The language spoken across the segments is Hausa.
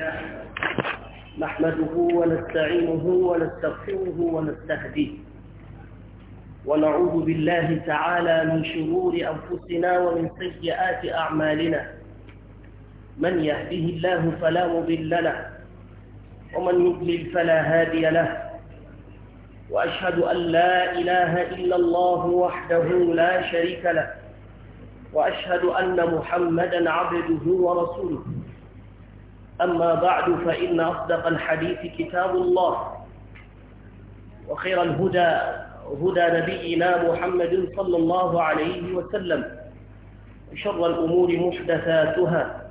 الله نحمده ونستعينه ونستغفره ونستهديه ونعوذ بالله تعالى من شرور أنفسنا ومن سيئات أعمالنا من يهده الله فلا مضل له ومن يضلل فلا هادي له وأشهد أن لا إله إلا الله وحده لا شريك له وأشهد أن محمدا عبده ورسوله أما بعد فإن أصدق الحديث كتاب الله وخير الهدى هدى نبينا محمد صلى الله عليه وسلم وشر الأمور محدثاتها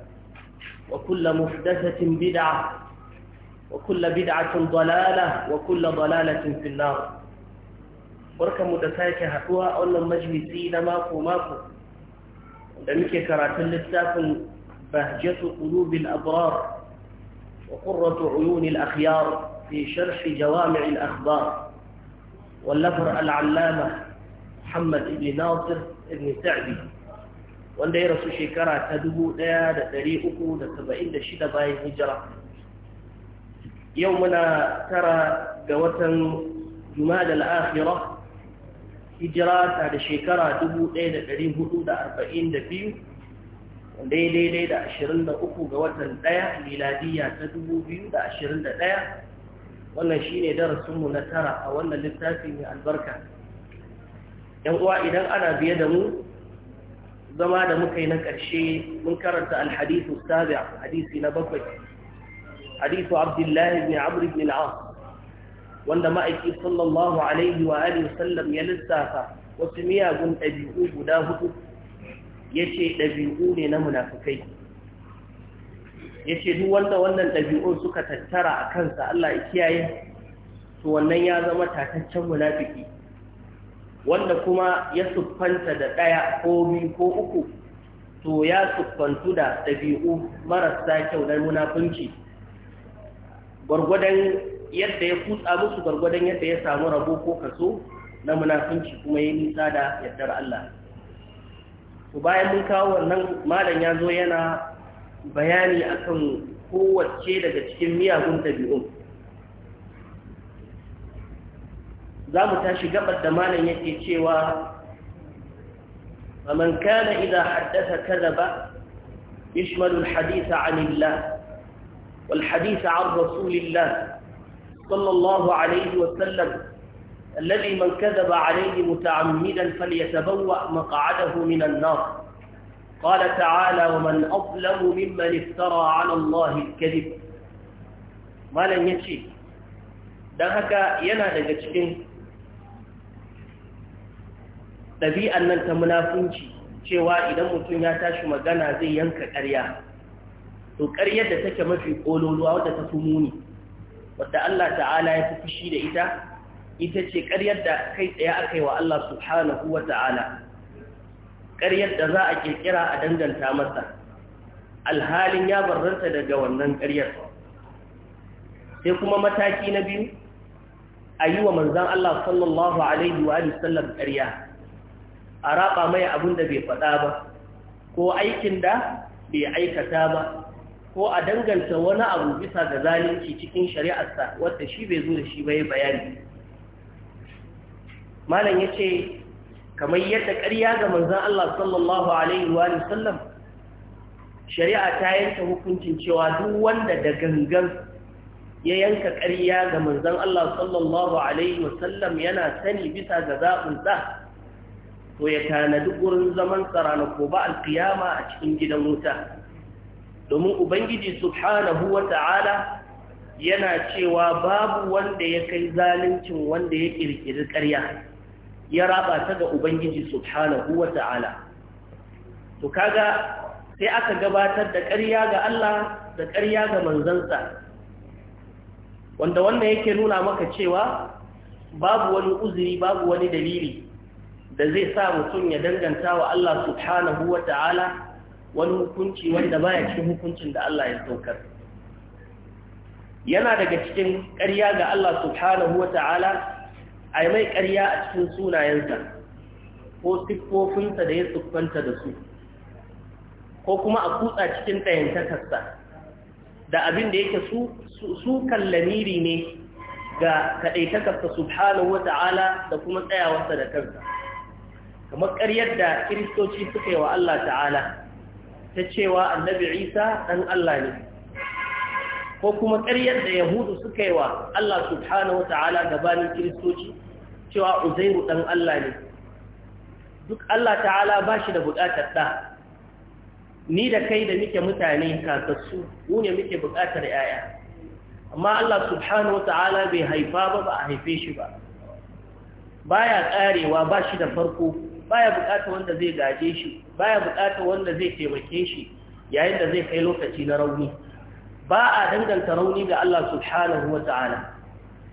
وكل محدثة بدعة وكل بدعة ضلالة وكل ضلالة في النار وركم mu da sake مجلسين ماكو ماكو majalisi na mako بهجة قلوب الأبرار وقرة عيون الأخيار في شرح جوامع الأخبار واللفر العلامة محمد بن ناصر بن سعدي وان دي رسو شكرا تدبو ديا دريئكو نتبعين باي هجرة يومنا ترى قوة جمال الآخرة هجرات على شكرا دبو ديا دريئكو دا أربعين دبيو daidai da 23 ga watan 1 miladiya ta 2021 wannan shine darasinmu na tara a wannan littafi mai albarka ‘yan uwa idan ana biye da mu zama da muka yi na ƙarshe mun karanta alhadisu sabi hadisi na bakwai hadisu abdullahi bin amur bin al'am wanda ma'aiki sallallahu alaihi wa alihi sallam ya lissafa wasu miyagun ɗabi'u guda hudu ya ce ɗabi'u ne na munafukai ya ce duk wanda wannan ɗabi'un suka tattara a kansa Allah ya kiyaye to wannan ya zama tataccen munafiki wanda kuma ya sufanta da ɗaya ko biyu ko uku to ya sufantu da ɗabi'u marasa kyau na munafunci gwargwadon yadda ya kutsa musu gwargwadon yadda ya samu rabo ko kaso na munafunci kuma ya nisa da yardar Allah to bayan mun kawo wannan malam ya zo yana bayani akan kowace daga cikin miyagun ɗabi'un za mu tashi gabar da malam yake cewa ومن كان إذا حدث كذب يشمل الحديث عن الله والحديث عن رسول الله صلى الله عليه وسلم الذي من كذب عليه متعمدا فليتبوأ مقعده من النار قال تعالى ومن أظلم ممن افترى على الله الكذب ما لن يشي don haka yana daga cikin ɗabi'an nan ta munafunci cewa idan mutum ya tashi magana zai yanka ƙarya to ƙaryar da take mafi ƙololuwa wadda ta fi muni wadda Allah ta'ala ya fi fushi da ita ita ce ƙaryar da kai tsaye aka yi wa Allah subhanahu wa ta'ala ƙaryar da za a ƙirƙira a danganta masa alhalin ya barranta daga wannan ƙaryar sai kuma mataki na biyu a yi wa manzan Allah sallallahu alaihi wa sallam ƙarya a raɓa mai abin da bai faɗa ba ko aikin da bai aikata ba ko a danganta wani abu bisa ga zalunci cikin shari'arsa wadda shi bai zo da shi bai bayani malam ya ce kamar yadda ƙarya ga manzan Allah sallallahu Alaihi wa sallam shari'a ta yanta hukuncin cewa duk wanda da gangan ya yanka ƙarya ga manzan Allah sallallahu Alaihi wa sallam yana sani bisa ga zaɓinsa to ya tanadi wurin zaman tsarana ko ba alkiyama a cikin gidan wuta domin ubangiji subhanahu wa ta'ala yana cewa babu wanda ya kai zaluncin wanda ya ƙirƙiri ƙarya ya raba ta ga ubangiji subhanahu wa ta'ala to kaga sai aka gabatar da ƙarya ga Allah da ƙarya ga manzansa wanda wannan yake nuna maka cewa babu wani uzuri babu wani dalili da zai sa mutum ya danganta wa Allah subhanahu wa ta'ala wani hukunci wanda baya cikin hukuncin da Allah ya saukar yana daga cikin ƙarya ga Allah subhanahu wa ta'ala a mai ƙarya a cikin sunayensa ko siffofinsa da ya tsufanta da su ko kuma a kutsa cikin ɗayantakarsa da abin da yake su kallamiri ne ga kaɗaitakarsa subhanahu ta'ala da kuma tsayawarsa da kansa kamar ƙaryar da kiristoci suka yi wa Allah ta'ala ta cewa annabi isa ɗan Allah ne ko kuma ƙaryar da yahudu suka yi wa Allah subhanahu wa ta'ala gabanin kiristoci cewa uzairu ɗan Allah ne duk Allah ta'ala ba shi da buƙatar ɗa ni da kai da muke mutane kasassu mu ne muke buƙatar ‘ya'ya amma Allah subhanahu wa ta'ala bai haifa ba ba a haife shi ba Ba ya ƙarewa ba shi da farko ba ya buƙatar wanda zai gaje shi ba ya buƙatar wanda zai taimake shi yayin da zai kai lokaci na rauni ba a danganta rauni ga Allah subhanahu wa ta'ala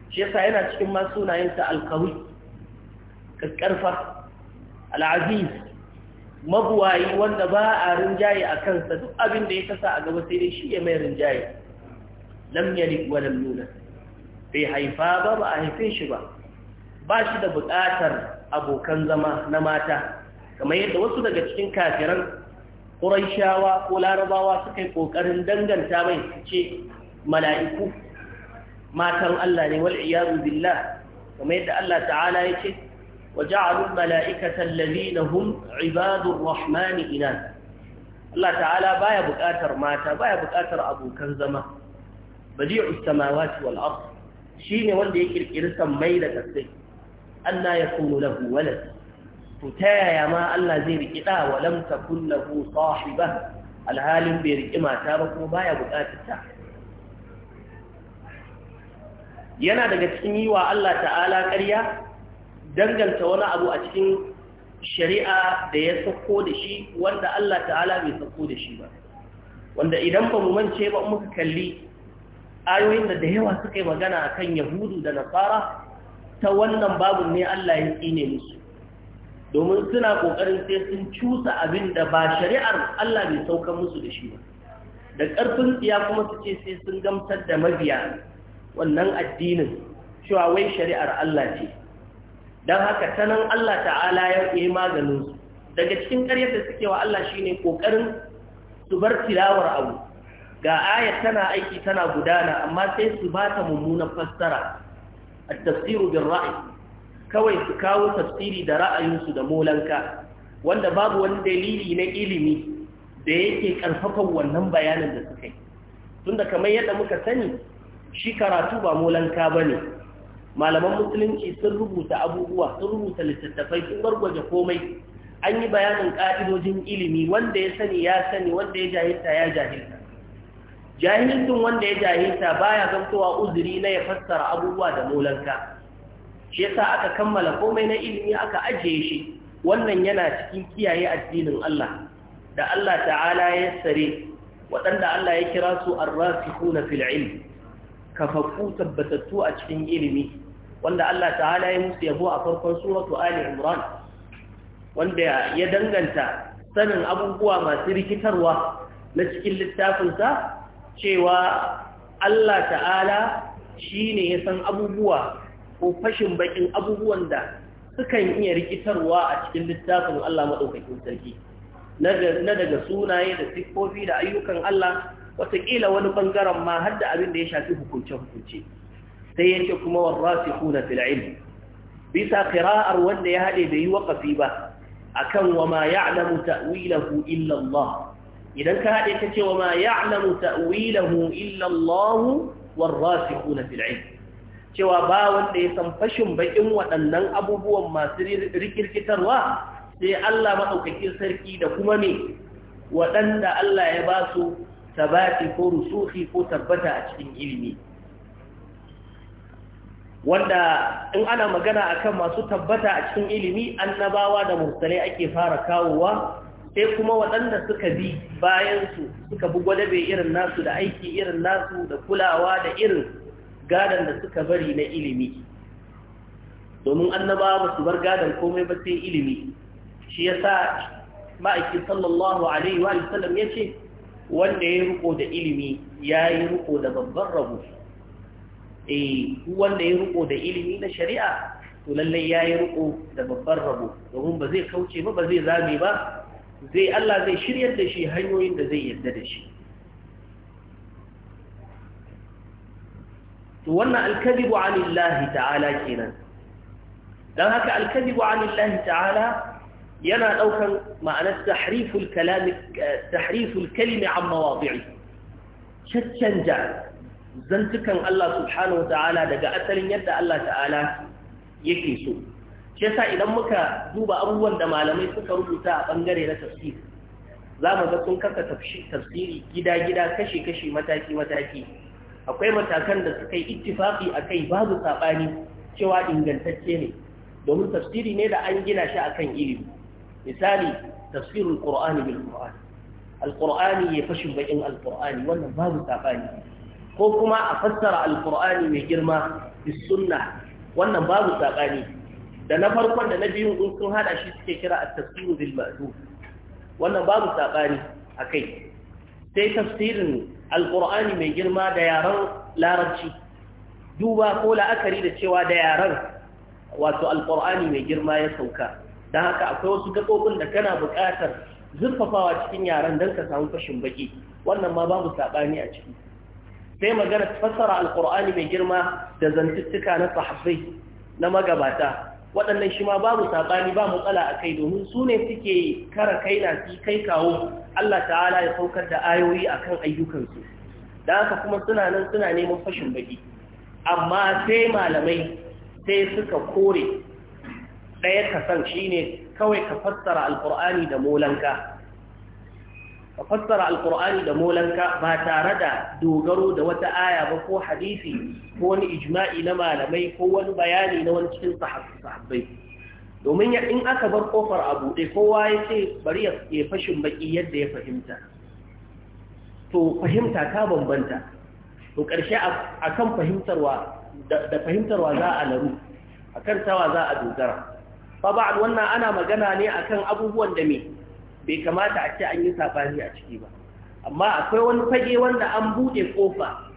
shi yasa yana cikin ma sunayensa alkawi kakkarfa al'aziz mabuwayi wanda ba a rinjaye a kansa duk abin da ya kasa a gaba sai dai shi ya mai rinjaye lam yalik wa lam bai haifa ba ba a haife shi ba ba shi da buƙatar abokan zama na mata kamar yadda wasu daga cikin kafiran ƙuraishawa ko larabawa suka yi ƙoƙarin danganta mai ce mala'iku matan Allah ne wal'iyazu billah kuma yadda Allah ta'ala ya ce wa ja'alun mala'ikatan na hun ibadun rahmani ina Allah ta'ala ya buƙatar mata ya buƙatar abokan zama badi'u samawati wal Shi ne wanda ya ƙirƙiri sammai da kasai Allah ya kunu lahu walad to ta yaya ma Allah zai riƙi ɗa wa lam takun lahu sahiba alhalin bai riƙi mata ba kuma baya buƙatar ta yana daga cikin yi wa Allah ta'ala ƙarya danganta wani abu a cikin shari'a da ya sauko da shi wanda Allah ta'ala bai sauko da shi ba wanda idan ba mu mance ba muka kalli ayoyin da da yawa suka yi magana akan yahudu da nasara ta wannan babu ne Allah ya tsine musu domin suna ƙoƙarin sai sun cusa abin da ba shari'ar Allah bai sauka musu da shi ba da ƙarfin tsiya kuma su ce sai sun gamsar da mabiya wannan addinin cewa wai shari'ar Allah ce don haka ta nan Allah ta'ala ya yi maganinsu daga cikin ƙaryar da suke wa Allah shi ne ƙoƙarin su bar tilawar abu ga ayat tana aiki tana gudana amma sai su ba ta mummunan fassara a tafsiru bin ra'ayi kawai su kawo tafsiri da ra'ayinsu da molanka wanda babu wani dalili na ilimi da yake karfafan wannan bayanin da suka yi tunda kamar yadda muka sani shi karatu ba molanka ba ne malaman musulunci sun rubuta abubuwa sun rubuta littattafai sun gwargwaje komai an yi bayanin ƙa'idojin ilimi wanda ya sani ya sani wanda ya jahilta ya jahilta jahilcin wanda ya jahilta baya zantowa uzuri na ya fassara abubuwa da molanka shi yasa aka kammala komai na ilimi aka ajiye shi wannan yana cikin kiyaye addinin Allah da Allah ta'ala ya sare waɗanda Allah ya kira su ar-rasikhuna fil ilm kafafu tabbatattu a cikin ilimi wanda Allah ta'ala ya musu yabo a farkon suratu ali imran wanda ya danganta sanin abubuwa masu rikitarwa na cikin littafinsa cewa Allah ta'ala shi ne ya san abubuwa ko fashin bakin abubuwan da sukan iya rikitarwa a cikin littafin Allah maɗaukakin sarki na daga sunaye da siffofi da ayyukan Allah wataƙila wani ɓangaren ma har da abin da ya shafi hukunce-hukunce sai yake kuma warrasi kuna fil'il bisa kira'ar wanda ya haɗe da yi waƙafi ba akan wa ma ya'lamu ta'wilahu illallah. idan ka haɗe ta ce wa ma ya'lamu ta'wilahu illa Allah warrasi kuna fil'il cewa ba wanda ya san fashin bakin waɗannan abubuwan masu rikirkitarwa sai Allah maɗaukakin sarki da kuma ne waɗanda Allah ya ba su sabati ko rusuhi ko tabbata a cikin ilimi wanda in ana magana akan masu tabbata a cikin ilimi annabawa da mursalai ake fara kawowa sai kuma waɗanda suka bi bayansu suka bi gwadabe irin nasu da aiki irin nasu da kulawa da irin gadon da suka bari na ilimi domin annaba ba su bar gadon komai ba sai ilimi shi ya sa ma'aikin sallallahu alaihi wa sallam ya ce wanda ya riko da ilimi ya yi riko da babban rabu eh, wanda ya riko da ilimi na shari'a to lallai ya yi riko da babban rabu domin ba zai kauce ba ba zai zame ba zai Allah zai shiryar da shi hanyoyin da zai yarda da shi to wannan alkadibu anillahi ta'ala kenan dan haka alkadibu anillahi ta'ala yana daukan ma'anar tahriful kalam eh, tahriful kalimi an mawadi'i caccanja zantukan Allah subhanahu ta'ala daga asalin yadda Allah ta'ala yake so shi yasa idan muka duba abubuwan da malamai suka rubuta a bangare na tafsir za mu ga sun kasa tafsiri gida-gida kashe kashe mataki-mataki akwai matakan da suka yi ittifaqi akai babu sabani cewa ingantacce ne domin tafsiri ne da an gina shi akan ilimi misali tafsirul qur'ani bil qur'an alqur'ani ya fashin bakin alqur'ani wannan babu sabani ko kuma a fassara alqur'ani mai girma bis sunna wannan babu sabani da na farkon da na biyun in sun hada shi suke kira at-tafsiru bil ma'dud wannan babu sabani akai sai tafsirin alƙur'ani mai girma da yaren larabci duba ko la'akari da cewa da yaren wato alƙur'ani mai girma ya sauka don haka akwai wasu gaɓoɓin da kana buƙatar zurfafawa cikin yaren don ka samu fashin baƙi wannan ma babu saɓani a ciki sai magana fassara alƙur'ani mai girma da zantuttuka na sahabbai na magabata waɗannan shi ma babu saɓani ba matsala a kai domin su ne suke kara kai na fi kai kawo Allah ta'ala ya saukar da ayoyi a kan ayyukansu da haka kuma suna nan suna neman fashin baki amma sai malamai sai suka kore ɗaya kasan shi ne kawai ka fassara alkur'ani da molanka ka fassara alkur'ani da molanka ba tare da dogaro da wata aya ba ko hadisi ko wani ijma'i na malamai ko wani bayani na wani cikin sahabbai domin ya in aka bar kofar a buɗe kowa ya ce bari ya fashin baki yadda ya fahimta to fahimta ta bambanta to ƙarshe a kan fahimtarwa da fahimtarwa za a laru a kan tawa za a dogara ba ba wannan ana magana ne akan abubuwan da me bai kamata a ce an yi sabani a ciki ba amma akwai wani fage wanda an buɗe kofa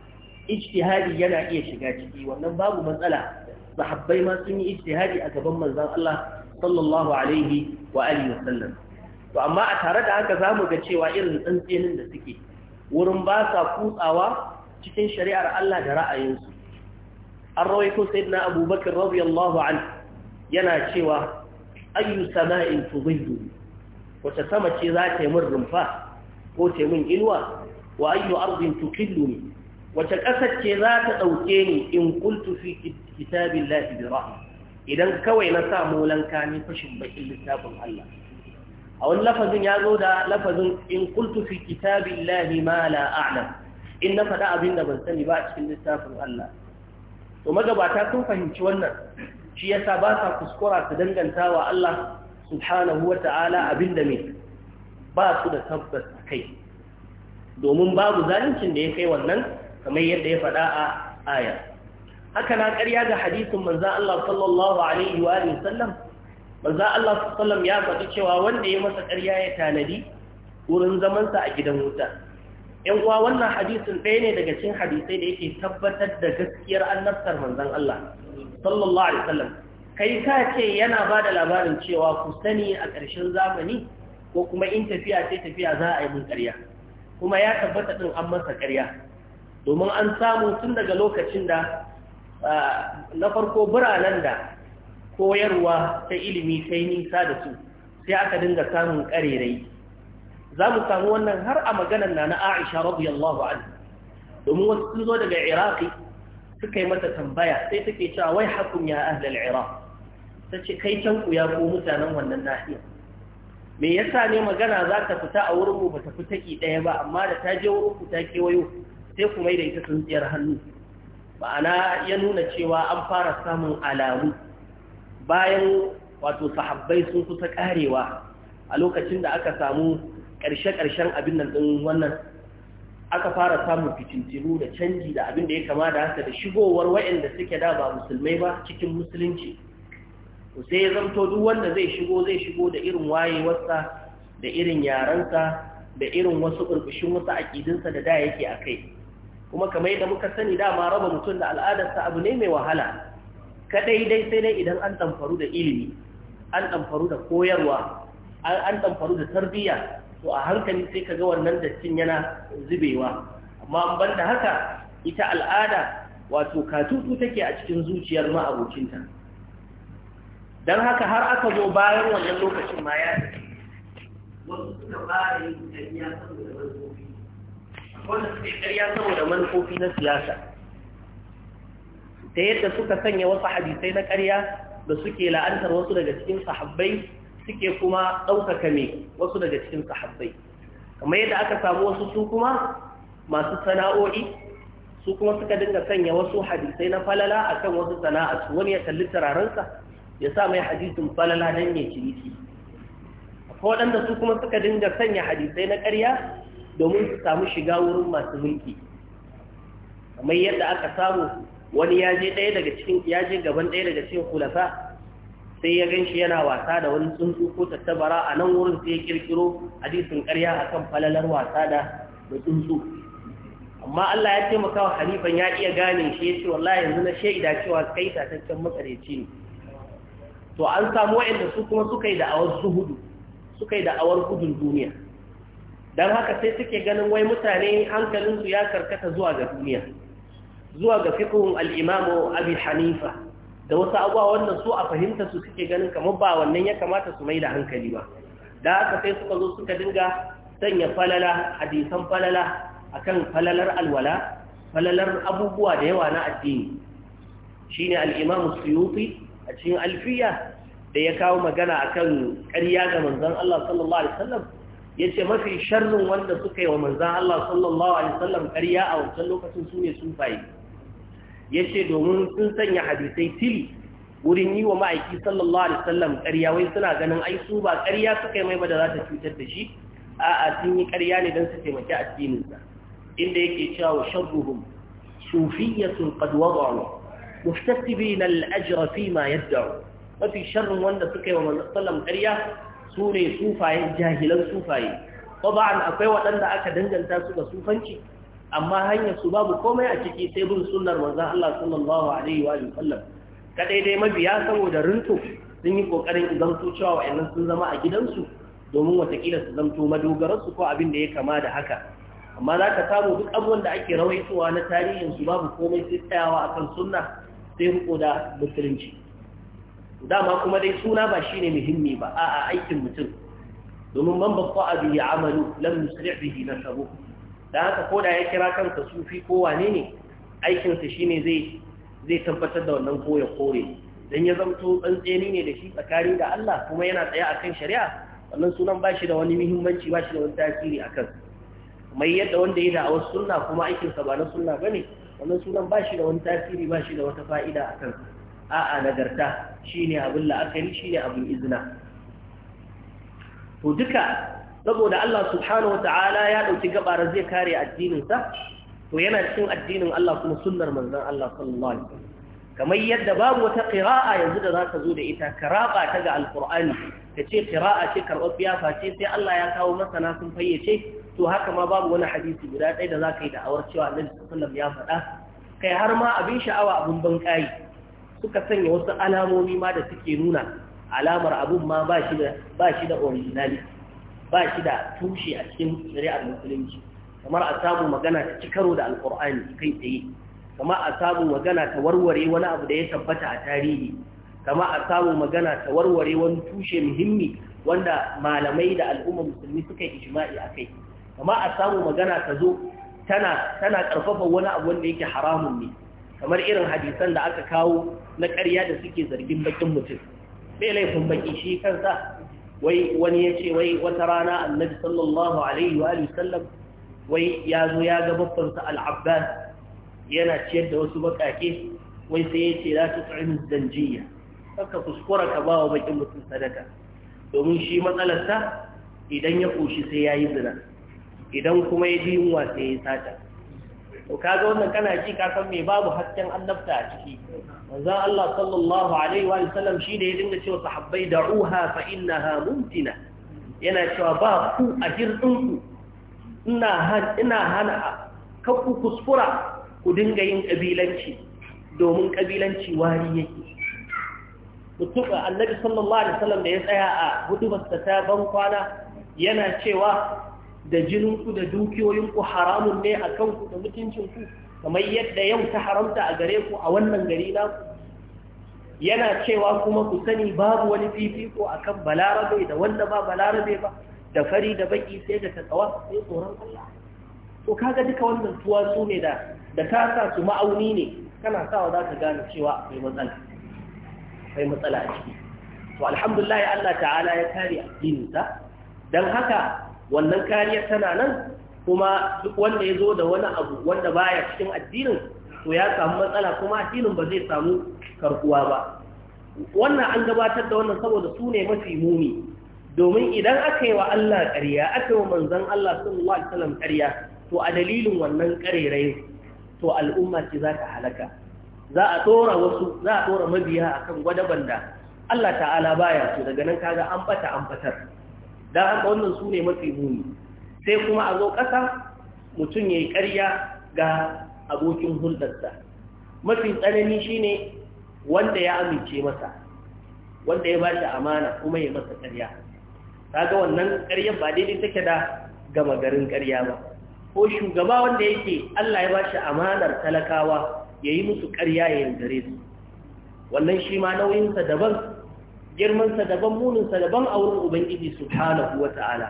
ijtihadi yana iya shiga ciki wannan babu matsala sahabbai ma sun yi ijtihadi a gaban manzon Allah sallallahu alaihi wa alihi wasallam to amma a tare da haka zamu ga cewa irin tsantsenin da suke wurin ba sa kutsawa cikin shari'ar Allah da ra'ayinsu an rawaito sayyidina abubakar radiyallahu anhu yana cewa ayyu sama'in tudhillu wata sama ce za ta yi min rumfa ko ta yi min inuwa wa ayyu ardin tuqilluni wata ƙasar ce za ta ɗauke ni in kuntu fi kitabillahi bi rahma idan kawai na sa molanka ni fashin bakin littafin Allah a wani lafazin ya zo da lafazin in kuntu fi kitabillahi ma la a'lam in na faɗa abin da ban sani ba a cikin littafin Allah to magabata sun fahimci wannan shi yasa ba sa kuskura su danganta wa Allah subhanahu wa ta'ala abinda mai ba su da tabbas a kai domin babu zaluncin da ya kai wannan kamar yadda ya faɗa a aya haka na ƙarya ga hadisin manza Allah sallallahu alaihi wa sallam Allah sallallahu ya faɗi cewa wanda ya masa ƙarya ya tanadi wurin zamansa a gidan wuta ‘yan uwa wannan hadisin ɗaya ne daga cikin hadisai da yake tabbatar da gaskiyar annabtar manzan Allah, sallallahu Alaihi wasallam, kai ka ce yana ba da labarin cewa ku sani a ƙarshen zamani ko kuma in tafiya sai tafiya za a yi mun ƙarya kuma ya tabbata ɗin an masa ƙarya domin an samu tun daga lokacin da na farko biranen da koyarwa ta ilimi ta yi nisa da su sai aka dinga samun ƙarerai za mu samu wannan har a maganar na na aisha radiyallahu anha domin wasu sun zo daga iraki suka yi mata tambaya sai take cewa wai hakun ya ahlal iraki ta ce kai can ku ya ko mutanen wannan nahiya me yasa ne magana za ta fita a wurinmu ba ta fita ki ɗaya ba amma da ta je wurinku ta kewayo sai ku mai da ita tsintsiyar hannu ma'ana ya nuna cewa an fara samun alamu bayan wato sahabbai sun kusa karewa a lokacin da aka samu ƙarshe-ƙarshen abin nan ɗin wannan aka fara samun fitintinu da canji da abin da ya kama da haka da shigowar waɗanda suke da ba musulmai ba cikin musulunci to sai ya zanto duk wanda zai shigo zai shigo da irin wayewarsa da irin yarensa da irin wasu ƙurƙushin wasu aƙidinsa da da yake a kai kuma kamar yadda muka sani dama raba mutum da al'adarsa abu ne mai wahala kaɗai dai sai dai idan an ɗamfaru da ilimi an ɗamfaru da koyarwa an ɗamfaru da tarbiyya to a hankali sai ka ga wannan dattin yana zubewa amma an banda haka ita al'ada wato katutu take a cikin zuciyar ma'abocinta don haka har aka zo bayan wannan lokacin ma ya wasu suka yin saboda manufofi wanda suka ƙarya saboda manufofi na siyasa ta yadda suka sanya wasu hadisai na ƙarya da suke la'antar wasu daga cikin sahabbai suke kuma ɗaukaka mai wasu daga cikin sahabbai kamar yadda aka samu wasu su kuma masu sana'o'i su kuma suka dinga sanya wasu hadisai na falala akan wasu sana'a wani ya kalli turarensa ya sa mai hadisin falala don ya ciniki akwai waɗanda su kuma suka dinga sanya hadisai na ƙarya domin su samu shiga wurin masu mulki kamar yadda aka samu wani ya je ɗaya daga cikin ya je gaban ɗaya daga cikin kulasa sai ya gan shi yana wasa da wani tsuntsu ko tattabara a nan wurin sai ya kirkiro hadisin ƙarya kan falalar wasa da tsuntsu amma Allah ya taimaka wa halifan ya iya gane shi ya ce wallahi yanzu na shaida cewa kai tataccen makareci ne to an samu wa'anda su kuma suka yi da'awar zuhudu suka yi da'awar kudin duniya don haka sai suke ganin wai mutane hankalinsu ya karkata zuwa ga duniya zuwa ga fiqhun al’imamu hanifa da wasu abuwa wannan su a fahimta su suke ganin kamar ba wannan ya kamata su mai da hankali ba da haka sai suka zo suka dinga sanya falala hadisan falala akan falalar alwala falalar abubuwa da yawa na addini shine al-imamu suyuti a cikin alfiya da ya kawo magana akan ƙarya ga Manzan Allah sallallahu alaihi wasallam yace mafi sharrin wanda suka yi wa manzon Allah sallallahu alaihi wasallam ƙarya a wancan lokacin su ne sufaye yace domin sun sanya hadisai tili wurin yi wa ma'aiki sallallahu alaihi wasallam ƙarya wai suna ganin ai su ba ƙarya suka yi mai ba da za ta cutar da shi a'a sun yi ƙarya ne don su taimaki addininsa inda yake cewa sharruhum sufiyyatun qad wada'u مكتسبين الأجر ma يدعو mafi sharrin wanda suka yi wa manzannin ƙarya su ne sufaye jahilan sufaye taba'an akwai waɗanda aka danganta su ga sufanci amma hanyar su babu komai a ciki sai bin sunnar Allah sallallahu alaihi wa sallam dai mabiya saboda rinto sun yi kokarin idan su cewa wa'annan sun zama a gidansu domin watakila su zamto madogararsu ko abin da ya kama da haka amma za ka samu duk abubuwan da ake rawaitowa na tarihin su babu komai sai tsayawa akan sunna sai riko da musulunci dama kuma dai suna ba shine muhimmi ba a'a aikin mutum domin man a abi amalu lam yusri bihi nasabu dan haka ko da ya kira kanka sufi ko wane ne aikin sa shine zai zai tabbatar da wannan koya kore dan ya zamto tseni ne da shi tsakari da Allah kuma yana tsaya akan shari'a wannan sunan ba shi da wani muhimmanci ba shi da wani tasiri akan mai yadda wanda ya da'awar sunna kuma aikinsa ba na sunna bane wannan sunan ba shi da wani tasiri ba shi da wata fa'ida a kan a'a nagarta ne abin la'akari ne abin izina to duka saboda Allah subhanahu Ta'ala ya ɗauki gabarar zai kare addininsa to yana cikin addinin Allah kuma sunnar manzon Allah sallallahu alaihi kamar yadda babu wata ƙira'a yanzu da zaka zo da ita raba ta ga alqur'ani kace ƙira'a ce karbabiya face sai Allah ya kawo masana sun fayyace to haka ma babu wani hadisi guda ɗaya da za ka yi awar cewa annabi sallallahu ya faɗa kai har ma abin sha'awa abin ban suka sanya wasu alamomi ma da suke nuna alamar abun ma ba shi da ba ba shi da tushe a cikin shari'ar musulunci kamar a samu magana ta cikaro da alkur'ani kai tsaye kamar a samu magana ta warware wani abu da ya tabbata a tarihi kamar a samu magana ta warware wani tushe muhimmi wanda malamai da al'umma musulmi suka yi ijma'i a kai amma a samu magana ta zo tana tana wani abu wanda yake haramun ne kamar irin hadisan da aka kawo na ƙarya da suke zargin bakin mutum bai laifin baki shi kansa wai wani ya ce wai wata rana annabi sallallahu alaihi wa sallam wai ya zo ya ga babbansa al'abba yana ciyar da wasu bakake wai sai ya ce za su tsarin zanjiya ka kuskura ka ba wa bakin mutum sadaka domin shi matsalarsa idan ya koshi sai ya yi zina idan kuma ya ji yunwa sai ya sata to kaga wannan kana ji ka san me babu hasken annabta a ciki manzon Allah sallallahu alaihi wa sallam shi ne ya dinga cewa sahabbai da'uha fa innaha mumtina yana cewa ba ku a hirdin ku ina ina hana ka ku kuskura ku dinga yin kabilanci domin kabilanci wari yake mutum annabi sallallahu alaihi wasallam da ya tsaya a hudubar ta ban kwana yana cewa da jininku da dukiyoyinku haramun ne a kanku da mutuncinku kamar yadda yau ta haramta a gare ku a wannan gari naku yana cewa kuma ku sani babu wani fifiko a kan balarabe da wanda ba balarabe ba da fari da baki sai da tsawa sai tsoron Allah to kaga duka wannan tuwatsu ne da da ka sa su ma'auni ne kana sawa za ka gane cewa akwai matsala akwai matsala a ciki to alhamdulillah Allah ta'ala ya kare addininsa dan haka wannan kariyar tana nan kuma duk wanda ya zo da wani abu wanda ba ya cikin addinin to ya samu matsala kuma addinin ba zai samu karkuwa ba wannan an gabatar da wannan saboda su ne mafi muni domin idan aka yi wa Allah ƙarya aka yi wa manzan Allah sallallahu alaihi wasallam ƙarya to a dalilin wannan ƙarerai to al'umma ce za ta halaka za a tsora wasu za a tsora mabiya akan gwadaban da Allah ta'ala baya so daga nan kaga an bata an batar. Da haka wannan su ne mafi muni sai kuma a zo ƙasa mutum ya yi ƙarya ga abokin hulɗarsa mafi tsanani shi ne wanda ya amince masa wanda ya ba shi amana kuma ya masa ƙarya Ta ga wannan ƙaryar ba daidai take da gama garin ƙarya ba ko shugaba wanda yake Allah ya ba shi amanar talakawa ya yi musu ƙarya ya yaudare wannan shi ma nauyinsa daban girmansa daban muninsa daban a wurin ubangiji subhanahu ta’ala.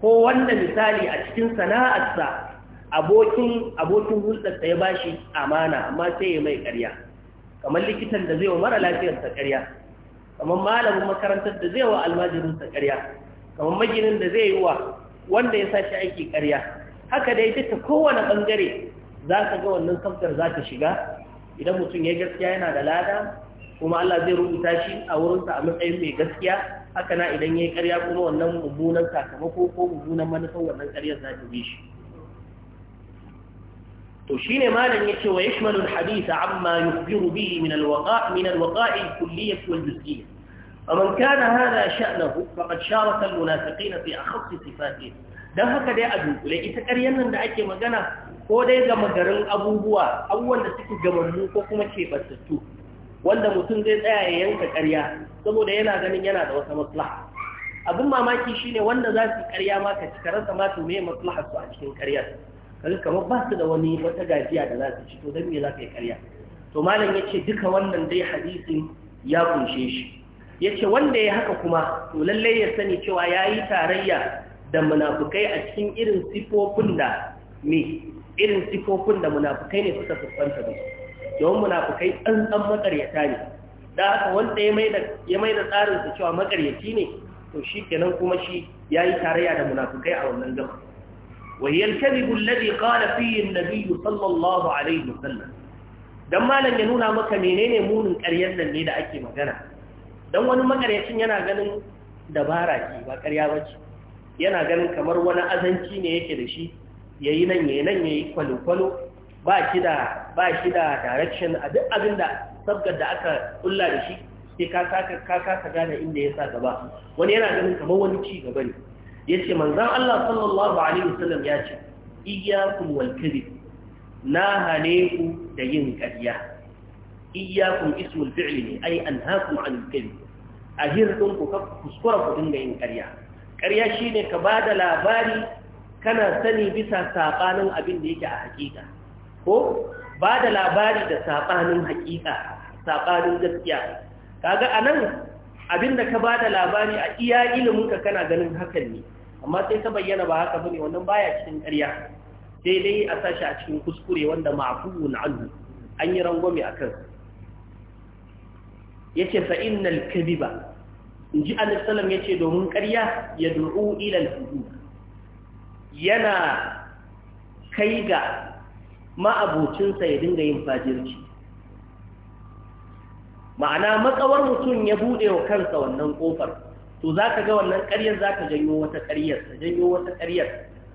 ko wanda misali a cikin sana'arsa abokin abokin hulɗarsa ya bashi amana amma sai ya mai ƙarya kamar likitan da zai wa mara lafiyarsa ƙarya kamar malamin makarantar da zai wa almajirinsa ƙarya kamar maginin da zai yi wa wanda ya sashi aiki ƙarya haka dai duka kowane ɓangare za ka ga wannan sabgar za ta shiga idan mutum ya gaskiya yana da lada kuma Allah zai rubuta shi a wurinsa a matsayin mai gaskiya haka na idan ya yi ƙarya kuma wannan mummunan sakamako ko mummunan manufan wannan ƙaryar za ta bi shi to shine malam ce wa yashmalu al-hadith amma yukhbiru bihi min al min al kulliyyah wal-juz'iyyah faman kana hadha sha'nuhu faqad sharaka al-munafiqina fi akhass sifatihi dan haka dai a dunkule ita ƙaryar nan da ake magana ko dai ga magarin abubuwa abubuwan da suke gamammu ko kuma ke battattu wanda mutum zai tsaya ya yanka ƙarya saboda yana ganin yana da wata maslaha abin mamaki shine wanda za su ƙarya ma ka cika rasa ma su mai maslahar su a cikin ƙaryar kaga kamar ba su da wani wata gajiya da za su ci to dan me za ka yi ƙarya to malam ya ce duka wannan dai hadisin ya kunshe shi yace wanda ya haka kuma to lalle ya sani cewa yayi tarayya da munafukai a cikin irin sifofin da me irin sifofin da munafukai ne suka fuskanta da su domin munafukai tsantsan makaryata ne da haka wanda ya mai da tsarinsa cewa makaryaci ne to shi kenan kuma shi ya yi tarayya da munafukai a wannan gaba Wayyar kadibun ladi kala fiye nabiyu sallallahu alaihi wasallam don malam ya nuna maka menene munin karyar nan ne da ake magana don wani makaryacin yana ganin dabara ce ba karya ba ce yana ganin kamar wani azanci ne yake da shi ya yi nan ya yi nan ya yi kwalo-kwalo ba shi da ba shi da direction a duk abin da sabgar da aka kulla da shi sai ka saka ka kasa gane inda yasa gaba wani yana ganin kamar wani ci gaba ne yace manzon Allah sallallahu alaihi wasallam ya ce iyyakum wal kadhib na hane ku da yin kadiya iyyakum ismul fi'l ne ai anhaakum al kadhib ahir ku kuskura ku dinga yin karya. Karya shine ka bada labari kana sani bisa sabanin abin da yake a hakika ko ba da labari da saɓanin haƙiƙa saɓanin gaskiya kaga a nan abinda ka ba da labari a iya iliminka kana ganin hakan ne amma sai ta bayyana ba haka bane wannan baya cikin ƙarya sai dai a sashi a cikin kuskure wanda ma'fuun anhu an yi rangwame a Ya ce, fa'in na fa ba. In ji alisalam ya ce domin ƙarya du'u ilal hudu yana kai ga ma'abucinsa ya dinga yin fajirci ma'ana matsawar mutum ya buɗe wa kansa wannan ƙofar to za ka ga wannan ƙaryar za ka janyo wata ƙaryar ta janyo wata ƙaryar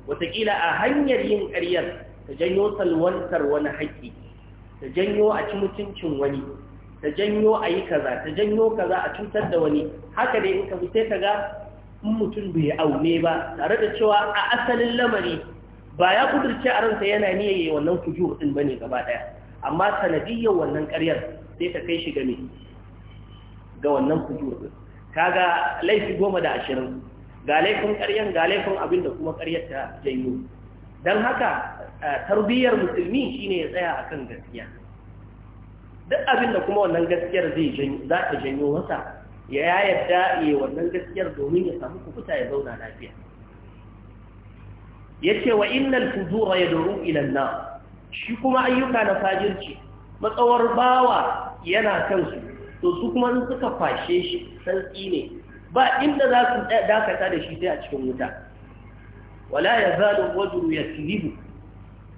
wataƙila a hanyar yin ƙaryar ta janyo salwantar wani haƙƙi ta janyo a ci mutuncin wani ta janyo a yi kaza ta janyo kaza a cutar da wani haka dai in ka fi sai ka ga in mutum bai aune ba tare da cewa a asalin lamari ba ya kudurce a ransa yana niyya yi wannan fujur din bane gaba daya amma sanadiyyar wannan ƙaryar sai ta kai shi ga me ga wannan fujur din kaga laifi goma da ashirin ga laifin ƙaryan ga laifin abin da kuma ƙaryar ta janyo don haka tarbiyyar musulmi shine ya tsaya akan gaskiya duk abin da kuma wannan gaskiyar zai za ta janyo masa ya yarda ya wannan gaskiyar domin ya samu kukuta ya zauna lafiya yace wa innal fujura ya ila an-nar shi kuma ayyuka na fajirci matsawar bawa yana kansu to su kuma in suka fashe shi santsi ne ba inda za su dakata da shi sai a cikin wuta wala yazalu wajhu yakzibu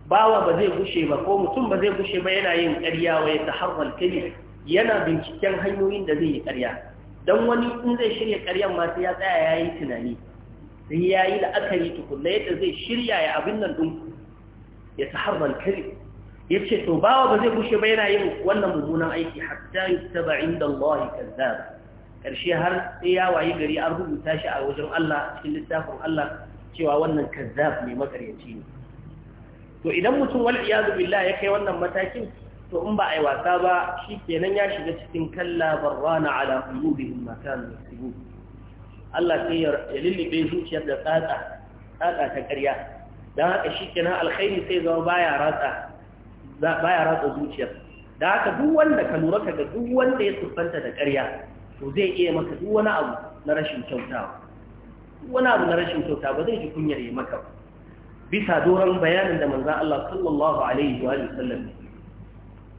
bawa ba zai gushe ba ko mutum ba zai gushe ba yana yin ƙarya wa ya taharral kalim yana binciken hanyoyin da zai yi ƙarya dan wani in zai shirya ƙaryan ma sai ya tsaya yayi tunani sai ya yi la'akari tukunna yadda zai shirya ya abin nan ɗin ya ta harban kare ya ce to bawa ba zai bushe ba yana yin wannan mummunan aiki hatta yi taba inda Allah kazzab karshe har sai ya wayi gari an rubuta shi a wajen Allah cikin littafin Allah cewa wannan kazzab ne makaryaci ne to idan mutum wal iyadu billah ya kai wannan matakin to in ba a yi wasa ba shi kenan ya shiga cikin kalla barrana ala qulubihim ma kanu Allah sai ya lullube zuciyar da tsatsa tsatsa ta ƙarya don haka shi kenan alkhairi sai zama baya ratsa baya ratsa zuciyar da haka duk wanda ka lura kaga duk wanda ya siffanta da ƙarya to zai iya maka duk wani abu na rashin kyautawa duk wani abu na rashin kyauta ba zai ji kunyar ya maka ba bisa doron bayanin da manzan Allah sallallahu alaihi wa sallam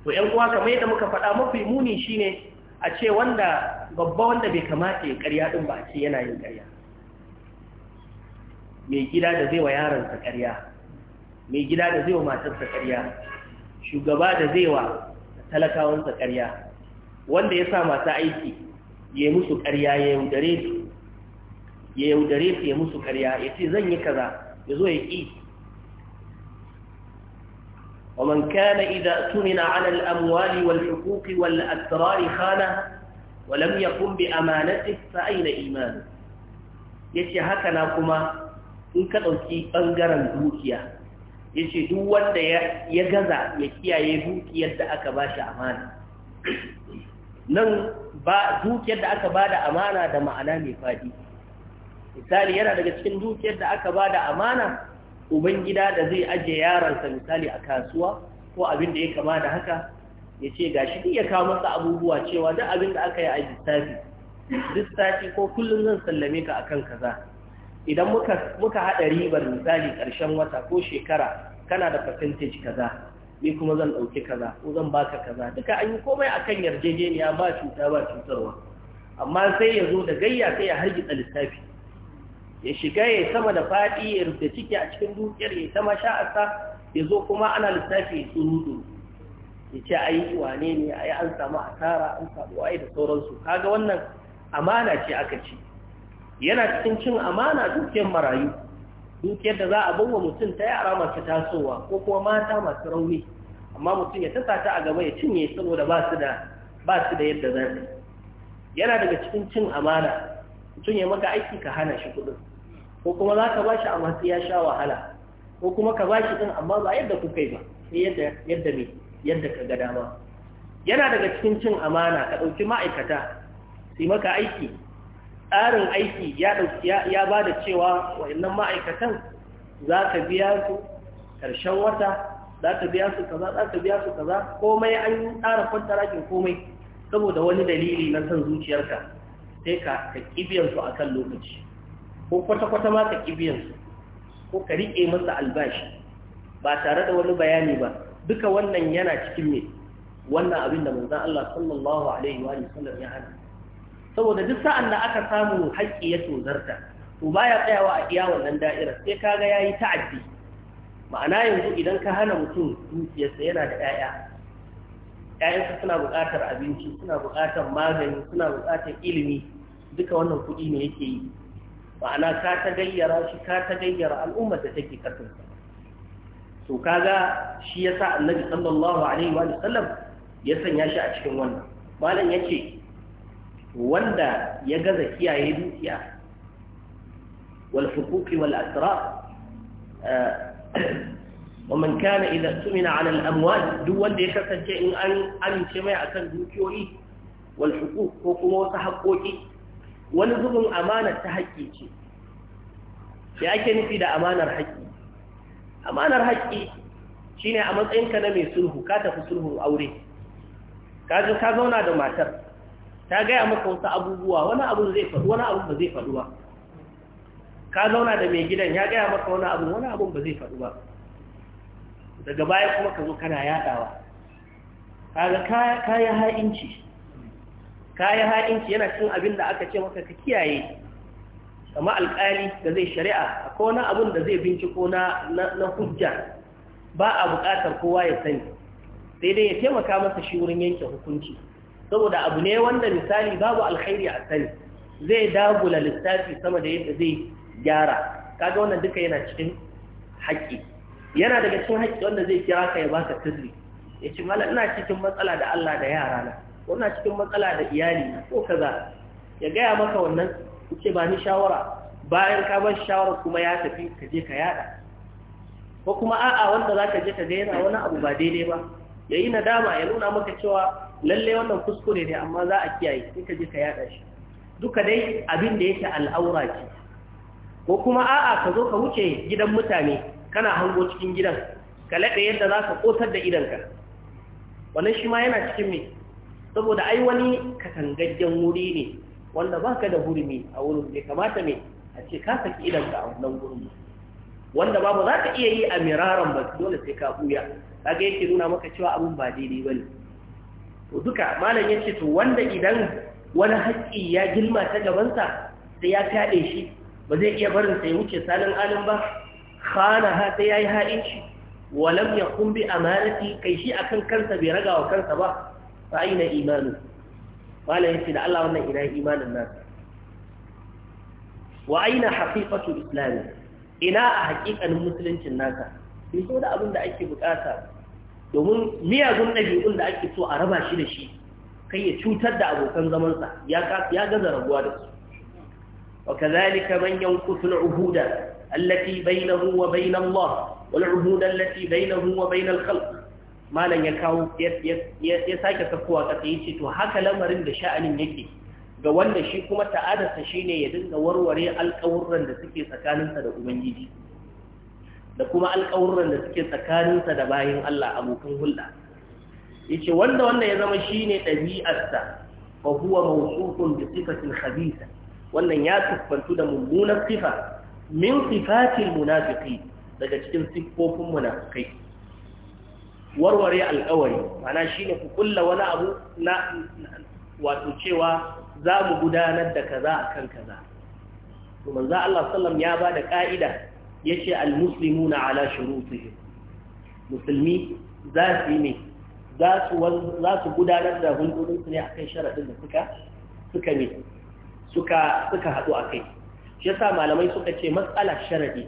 to ƴan uwa kamar yadda muka faɗa mafi muni shine a ce wanda babba wanda bai kamata ya karya din ba a ce yana yin karya mai gida da zai wa yaransa karya mai gida da zai wa matarsa karya shugaba da zai wa talakawansa karya wanda ya sa masu aiki ya yi musu karya ya yaudare su ya yaudare su ya musu karya ya ce zan yi kaza ya zo ya ƙi ومن كان إذا اؤتمن على الأموال والحقوق والأسرار خانه ولم يقم بأمانته فأين إيمانه yace haka na kuma in ka ɗauki ɓangaren dukiya yace duk wanda ya gaza ya kiyaye dukiyar da aka ba shi amana nan ba dukiyar da aka ba da amana da ma'ana mai faɗi misali yana daga cikin dukiyar da aka ba da amana uban gida da zai aje yaransa misali a kasuwa ko abin da ya kama da haka ya ce ga shi ya kawo masa abubuwa cewa duk abin da aka yi a lissafi lissafi ko kullum zan sallame ka akan kaza idan muka haɗa ribar misali karshen wata ko shekara kana da percentage kaza ni kuma zan ɗauki kaza ko zan baka kaza duka an yi komai akan yarjejeniya ba cuta ba cutarwa amma sai ya zo da gayya sai ya hargitsa lissafi ya shiga ya sama da faɗi ya rufe ciki a cikin dukiyar ya sama sha'asa, ya zo kuma ana lissafi ya tsuru ya ce yi wane ne yi an samu asara an samu ai da sauransu kaga wannan amana ce aka ci yana cikin cin amana dukiyar marayu dukiyar da za a wa mutum ta yara masu tasowa ko kuma mata masu rauni amma mutum ya tasa ta a gaba ya cinye saboda ba su da yadda za su yana daga cikin cin amana mutum ya maka aiki ka hana shi kuɗin ko kuma za ka ba shi amma sai ya sha wahala ko kuma ka ba shi ɗin amma ba yadda kuka yi ba sai yadda mai yadda ka ga dama yana daga cikin cin amana ka ɗauki ma'aikata su maka aiki tsarin aiki ya ba da cewa wa'annan ma'aikatan za ka biya su karshen wata za ka biya su kaza za ka biya su kaza komai an tsara kwantarakin komai saboda wani dalili na son zuciyarka sai ka ka kibiyansu a kan lokaci ko kwata-kwata ma ka ƙibiyansu, ko ka riƙe masa albashi ba tare da wani bayani ba duka wannan yana cikin ne wannan abin da manzan Allah sallallahu alaihi wa sallam ya hana saboda duk sa'an da aka samu haƙƙi ya tozarta to baya tsayawa a iya wannan da'ira sai ka kaga yi ta'addi ma'ana yanzu idan ka hana mutum dukiyarsa yana da 'ya'ya ƴaƴansu suna buƙatar abinci suna buƙatar magani suna buƙatar ilimi duka wannan kuɗi ne yake yi ma'ana ka ta gayyara shi ka ta gayyara al'ummar da take karfinsa to kaga shi yasa annabi sallallahu alaihi wa sallam ya sanya shi a cikin wannan malam yace wanda ya gaza kiyaye dukiya wal huquqi wal asrar eh, ومن كان إذا سمن على الأموال دول دي كسن شيء أن أن شمع أكن دوكيوي والحقوق حكم وتحقوقي ولزم أمانة تحقيقي ya ake nufi da amanar haƙƙi amanar haƙƙi shine a matsayinka na mai sulhu ka tafi sulhun aure ka ji zauna da matar ta gaya maka wasu abubuwa wani abu wani abu ba zai faɗu ba ka zauna da mai gidan ya gaya maka wani abu wani abu ba zai faɗu ba daga baya kuma ka zo kana yadawa kaga kayan ha'inci kayi ha'inci yana cikin abin da aka ce maka ka kiyaye kamar alƙali da zai shari'a akwai wani abin da zai binciko na na hujja ba a buƙatar kowa ya sani sai dai ya taimaka masa shi wurin yanke hukunci saboda abu ne wanda misali babu alkhairi a sani zai dagula lissafi sama da yadda zai gyara kaga wannan duka yana cikin haƙƙi yana daga cikin haƙƙi wanda zai kira ka ya baka tazri ya ce mala ina cikin matsala da Allah da yara na ko ina cikin matsala da iyali na ko kaza ya gaya maka wannan ce ba ni shawara bayan ka bar shawara kuma ya tafi ka je ka yada ko kuma a'a wanda za ka je ka ga yana wani abu ba daidai ba ya yi nadama ya nuna maka cewa lalle wannan kuskure ne amma za a kiyaye sai ka je ka yada shi duka dai abin da yake al'aura ce ko kuma a'a ka zo ka wuce gidan mutane kana hango cikin gidan ka laɗe yadda za ka ƙotar da idanka wannan shi ma yana cikin mai saboda ai wani katangaggen wuri ne wanda ba ka da hurumi a wurin da kamata mai a ce ka saki idanka a wannan wurin wanda ba za ka iya yi a miraran ba dole sai ka buya, ɓuya ga yake nuna maka cewa abin ba daidai ba ne to duka malam ya ce to wanda idan wani haƙƙi ya gilma ta gabansa sai ya fyaɗe shi ba zai iya barin sai wuce salin alin ba khana ha ta yayi ha'inci walam kun bi amanati kai shi akan kansa bai raga wa kansa ba fa aina imanu wala yace da Allah wannan ina imanin nasa wa aina haqiqatu islam ina a haqiqan musuluncin naka? sai so da abin da ake bukata domin miyagun ɗabi'un da ake so a raba shi da shi kai ya cutar da abokan zamansa ya gaza rabuwa da su wa kazalika man yankutu al-uhuda التي بينه وبين الله والعبودة التي بينه وبين الخلق ما لن يكاو يساك تفوى تتيشي وحكى لمرين بشأن يكي ga wanda shi kuma ta'adarsa shine ya dinga warware alƙawurran da suke tsakaninsa da ubangiji da kuma alƙawurran da suke tsakaninsa da bayan Allah abokan hulɗa yace wanda wanda ya zama shine ɗabi'arsa fa huwa mawsufun bi sifatin khabisa wannan ya tuffantu da mummunar sifa min sifatil munafiqi daga cikin siffofin munafikai warware alƙawari mana shine ku kulla wani abu na wato cewa za mu gudanar da kaza akan kaza to manzo Allah sallam ya ba da ka'ida yace almuslimuna ala shurutihim musulmi za su ne za su za su gudanar da hulɗoɗinsu ne akan sharaɗin da suka suka ne suka suka akai shi yasa malamai suka ce matsala sharaɗi?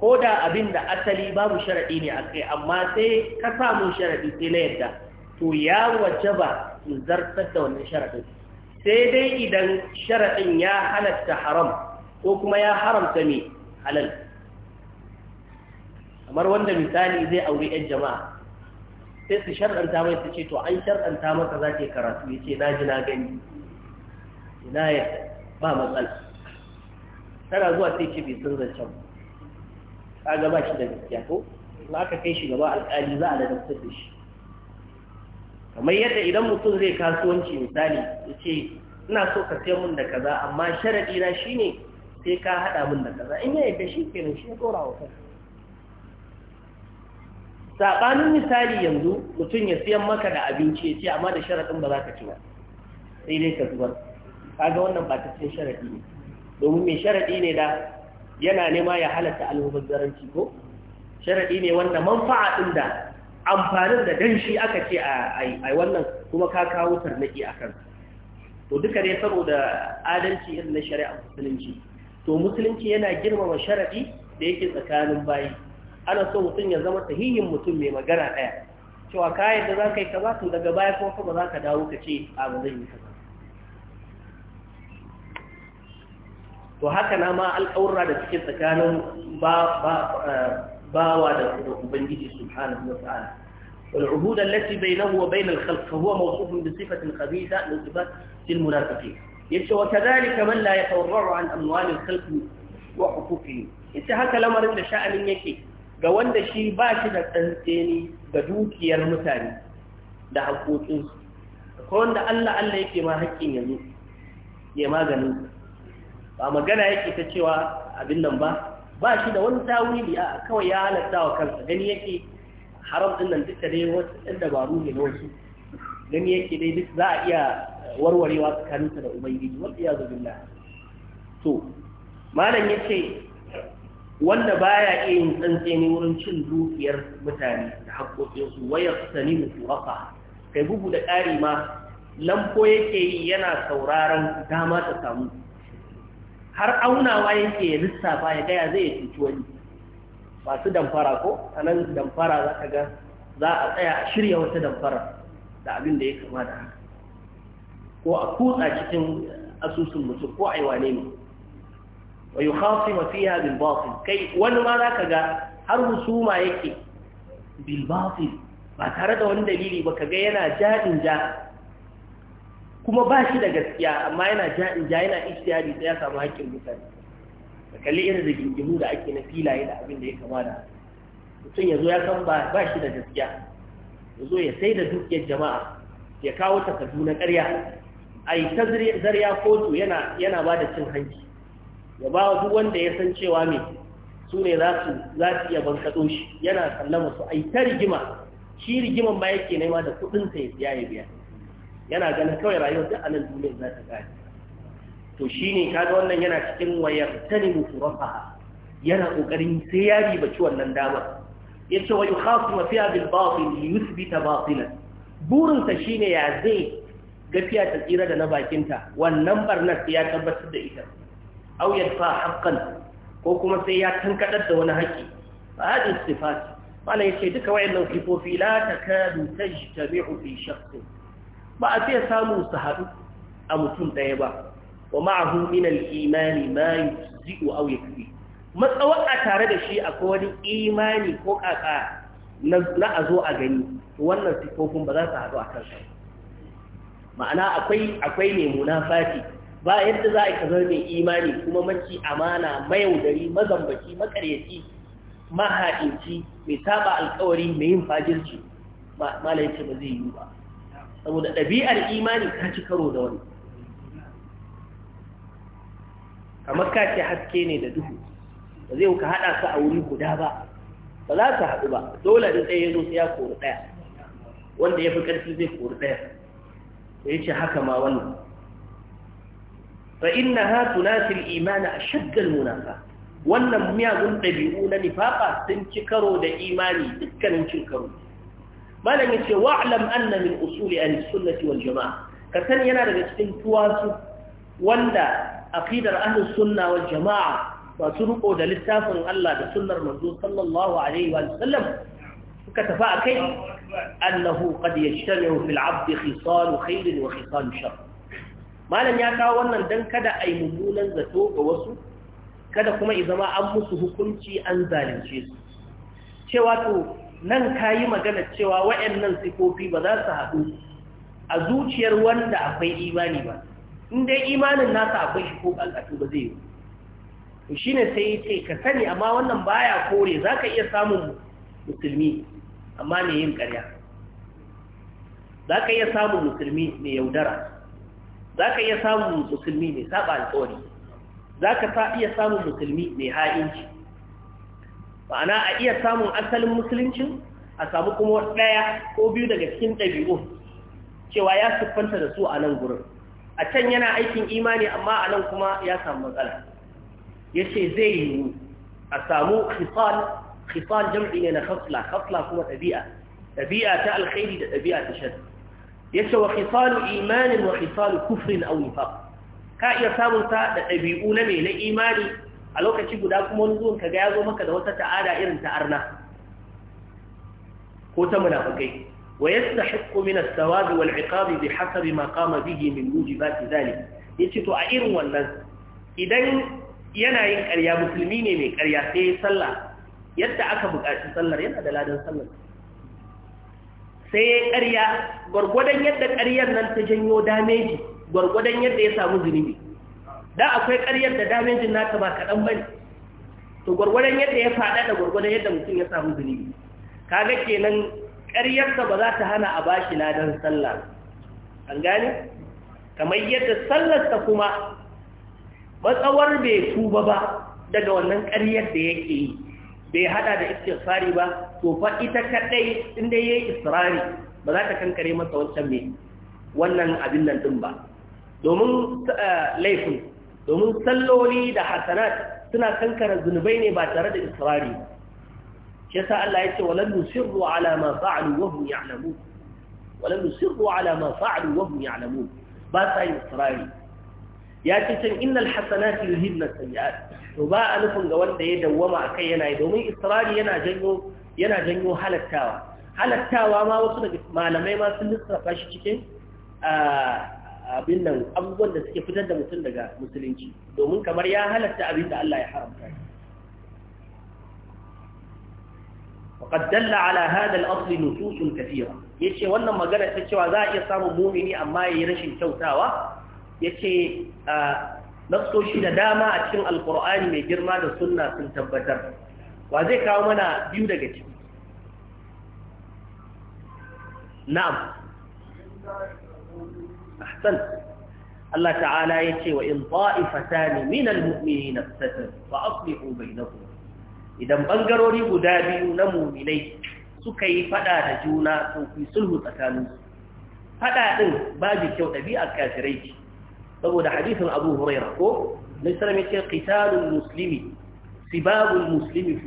ko da abin da asali babu sharaɗi ne a kai amma sai ka samu sharadi sai na yadda to ya wajaba in zartar da wannan sharaɗin? sai dai idan sharadin ya halatta haram ko kuma ya haramta mai halal kamar wanda misali zai auri 'yan jama'a sai su shar'anta mai su ce to an shar'anta masa za ke karatu ya ce na ji na gani ina yadda ba matsala tana zuwa sai ce bai san zancen Ta ga ba shi da gaskiya ko in aka kai shi gaba alƙali za a ladabtar da shi kamar yadda idan mutum zai kasuwanci misali ya ce ina so ka sai mun da kaza amma sharaɗi na ne sai ka haɗa mun da kaza in ya yadda shi kenan shi ya tsora wa kai saɓanin misali yanzu mutum ya siyan maka da abinci ya ce amma da sharaɗin ba za ka ci ba sai dai ka zubar kaga wannan ba ta cin sharaɗi ne domin mai sharaɗi ne da yana nema ya halatta almubazzaranci ko sharaɗi ne wanda manfa'a ɗin da amfanin da danshi shi aka ce a wannan kuma ka kawo tarnaki a kan to duka ne saboda adalci irin na shari'a musulunci to musulunci yana girmama sharaɗi da yake tsakanin bayi ana so mutum ya zama sahihin mutum mai magana ɗaya cewa kayan da za ka yi ka ba daga baya kuma ba za ka dawo ka ce a ba zai yi ka to haka na ma alƙawarra da suke tsakanin eh, bawa da ubangiji subhanahu wa ta'ala والعهود التي بينه وبين الخلق فهو موصوف بصفة خبيثة من صفات المنافقين yace wa kadhalika man la yatawarra'u an amwali al-khalq wa huquqihi yace haka lamarin da sha'anin yake ga wanda shi ba shi da tsantseni ga dukiyar mutane da haƙoƙin su wanda Allah Allah yake ma haƙƙin ya ba magana yake ta cewa abin nan ba ba shi da wani tawili a kawai ya halatta wa kansa gani yake haram din nan duka dai wasu ɗan dabaru ne na wasu gani yake dai duk za a iya warwarewa tsakaninsa da ubangiji wanda ya zubin na to malam ya ce wanda ya iya yin ne wurin cin dukiyar mutane da haƙoƙinsu wayar sani su rafa kai bugu da ƙari ma lamfo yake yi yana sauraron dama ta samu har aunawa yake ya lissafa ya gaya zai cuci wani masu damfara ko a nan damfara za ka ga za a tsaya a shirya wata damfara da abin da ya kama da haka ko a kutsa cikin asusun mutum ko a yi ne wa yi hausi ya bilbafin kai wani ma za ka ga har husuma yake bilbafin ba tare da wani dalili ba ka ga yana jaɗin ja kuma ba shi da gaskiya amma yana ja'in ja yana ishtiyari sai ya samu haƙƙin mutane da kalli irin gingimu da ake na filaye da abin da ya kama da mutum ya zo ya san ba shi da gaskiya ya zo ya sai da dukiyar jama'a ya kawo takardu na ƙarya a yi ta zarya kotu yana ba da cin hanci ya ba duk wanda ya san cewa mai su ne za su iya bankaɗo shi yana sallama su a yi ta rigima shi rigiman ba yake nema da kuɗinsa ya siya ya biya yana ganin kawai rayuwar duk anan duniyar za ta gani to shine kaga wannan yana cikin wayar tani muturafaha yana kokarin sai ya ribaci wannan damar yace wa yukhasu fiha bil batil li yuthbita batilan Burinsa shi shine ya zai gafiya ta tsira da na bakinta wannan barnas ya tabbatar da ita aw yadfa haqqan ko kuma sai ya tankaɗar da wani haƙi fa hadhihi sifat wala yace duka wayannan sifofi la takadu tajtami'u fi shakhsin ba a fiye samun su haɗu a mutum ɗaya ba wa ma'ahu min al-imani ma yuzi'u aw yakfi matsawa a tare da shi akwai wani imani ko kaka na a zo a gani wannan sifofin ba za su haɗu a kansa ma'ana akwai akwai ne munafati ba yadda za a kazar mai imani kuma manci amana mayaudari mazambaci makaryaci maha'inci mai saba alkawari mai yin fajirci malayin ce ba zai yi ba saboda ɗabi'ar imani ta ci karo da wani kamar ka ce haske ne da duhu ba zai ka haɗa su a wuri guda ba ba za su haɗu ba dole da ɗaya zo ya kori ɗaya wanda ya fi ƙarfi zai kori ɗaya da ya ce haka ma wannan fa inna ha tunasil imana a shaggal munafa wannan miyagun ɗabi'u na nifafa sun ci karo da imani dukkanin cin karo malam yace wa'lam anna min usuli ahli sunnati wal jamaa ka sani yana daga cikin tuwasu wanda aqidar ahli sunna wal jamaa masu riƙo da littafin Allah da sunnar manzo sallallahu alaihi wa sallam suka tafi akai annahu qad yajtami'u fil 'abd khisal khayr wa khisal shar malam ya kawo wannan dan kada ai mummunan zato ga wasu kada kuma izama an musu hukunci an zalunce su cewa to nan ka yi magana cewa waɗannan sifofi ba za su haɗu a zuciyar wanda akwai imani ba indai imanin nasa akwai shi ko ƙalƙatu ba zai yi to shi ne sai ce ka sani amma wannan baya kore za ka iya samun musulmi amma ne yin ƙarya za ka iya samun musulmi mai yaudara za ka iya samun musulmi mai saba alƙawari za ka iya samun musulmi mai ha'inci ma'ana a iya samun asalin musuluncin a samu kuma ɗaya ko biyu daga cikin ɗabi'u cewa ya siffanta da su a nan gurin a can yana aikin imani amma a nan kuma ya samu matsala ya ce zai yiwu a samu khisal jam'i ne na khasla khasla kuma ɗabi'a ɗabi'a ta alkhairi da ɗabi'a ta shan. ya ce wa khisalu imanin wa khisalu kufrin au nifaq ka iya samun sa da ɗabi'u na mai na imani a lokaci guda kuma wani zuwan kaga ya zo maka da wata ta'ada irin ta arna ko ta munafikai wa yastahiqqu min as-sawabi wal 'iqabi bi hasabi ma qama bihi min wujibati zalik yace to a irin wannan idan yana yin ƙarya musulmi ne mai ƙarya sai ya sallah yadda aka buƙaci sallar yana da ladan sallar sai ya ƙarya gwargwadon yadda ƙaryar nan ta janyo dameji gwargwadon yadda ya samu zunubi da akwai ƙaryar da damejin nata ba kaɗan ba ne. to gwargwadon yadda ya faɗa da gwargwadon yadda mutum ya samu zunubi kaga kenan ƙaryarsa ba za ta hana a bashi ladan sallah an gane kamar yadda sallarsa kuma matsawar bai tuba ba daga wannan ƙaryar da yake yi bai hada da istighfari ba to fa ita kadai inda yayi israri ba za ta kankare masa wancan me wannan abin nan din ba domin eh, laifin domin salloli da hasanat suna kankara zunubai ne ba tare da israri shi yasa Allah ya ce walan nusirru ala ma fa'alu wa hum ya'lamun walan nusirru ala ma fa'alu wa hum ya'lamun ba sa yin israri ya ce can innal hasanati yuhibna sayyi'at to ba a nufin ga wanda ya dawwama akai yana yi domin israri yana janyo yana janyo halattawa halattawa ma wasu daga malamai ma sun lissafa shi cikin ah, abin nan abubuwan da suke fitar da mutum daga musulunci domin kamar ya halatta abin da Allah ya haramta وقد دل على هذا الاصل نصوص كثيره yace wannan magana ta cewa za a iya samu mumini amma yayin rashin kyautawa yace nasoshi da dama a cikin alqur'ani mai girma da sunna sun tabbatar wa zai kawo mana biyu daga ciki na'am ahsan Allah ta'ala ya ce wa in ta'ifatan min almu'minina fatasal fa aslihu bainahum idan bangarori guda biyu na mu'minai suka yi fada da juna to ku sulhu tsakaninsu fada din babu kyau dabi'a kafirai ce saboda hadisin Abu Hurairah ko Nabi sallallahu alaihi wasallam ya ce qitalul muslimi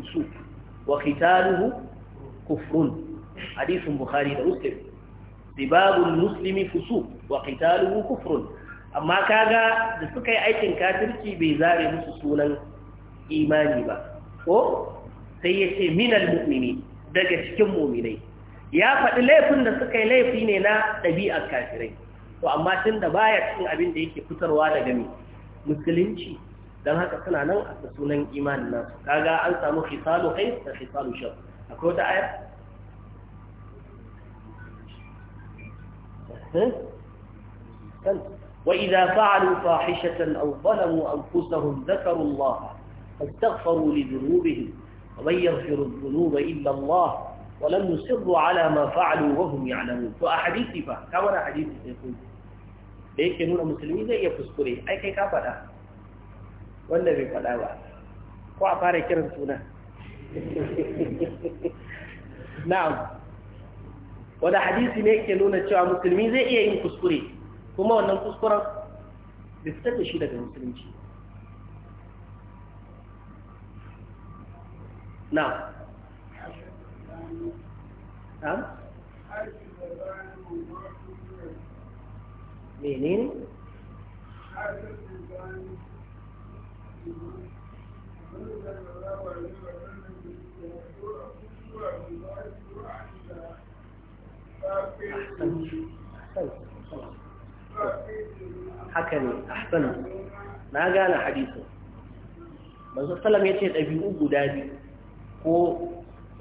wa Bukhari da wa qitaluhu kufrun amma kaga da suka yi aikin kafirci bai zare musu sunan imani ba ko sai ya minal mu'mini daga cikin mu'minai ya faɗi laifin da suka yi laifi ne na ɗabi'ar kafirai to amma tun da baya cikin abin da yake fitarwa daga mai musulunci don haka suna nan a sunan imanin nasu kaga an samu khisalu kai da khisalu shan? akwai wata eh? وإذا فعلوا فاحشة أو ظلموا أنفسهم ذكروا الله فاستغفروا لذنوبهم ومن يغفر الذنوب إلا الله ولم يصروا على ما فعلوا وهم يعلمون فأحاديث فا كما رأى حديث يقول لكنون المسلمين لا يفسكره أي كيف أبدا والنبي قال أبدا قوة فارك رمتنا نعم وده حديث يقول لكنون المسلمين لا يفسكره kuma wannan kuskuren bai fitar da shi daga musulunci na menene Thank you. haka ne ahsan na gane masu Salam ya ce ɗabi'u guda biyu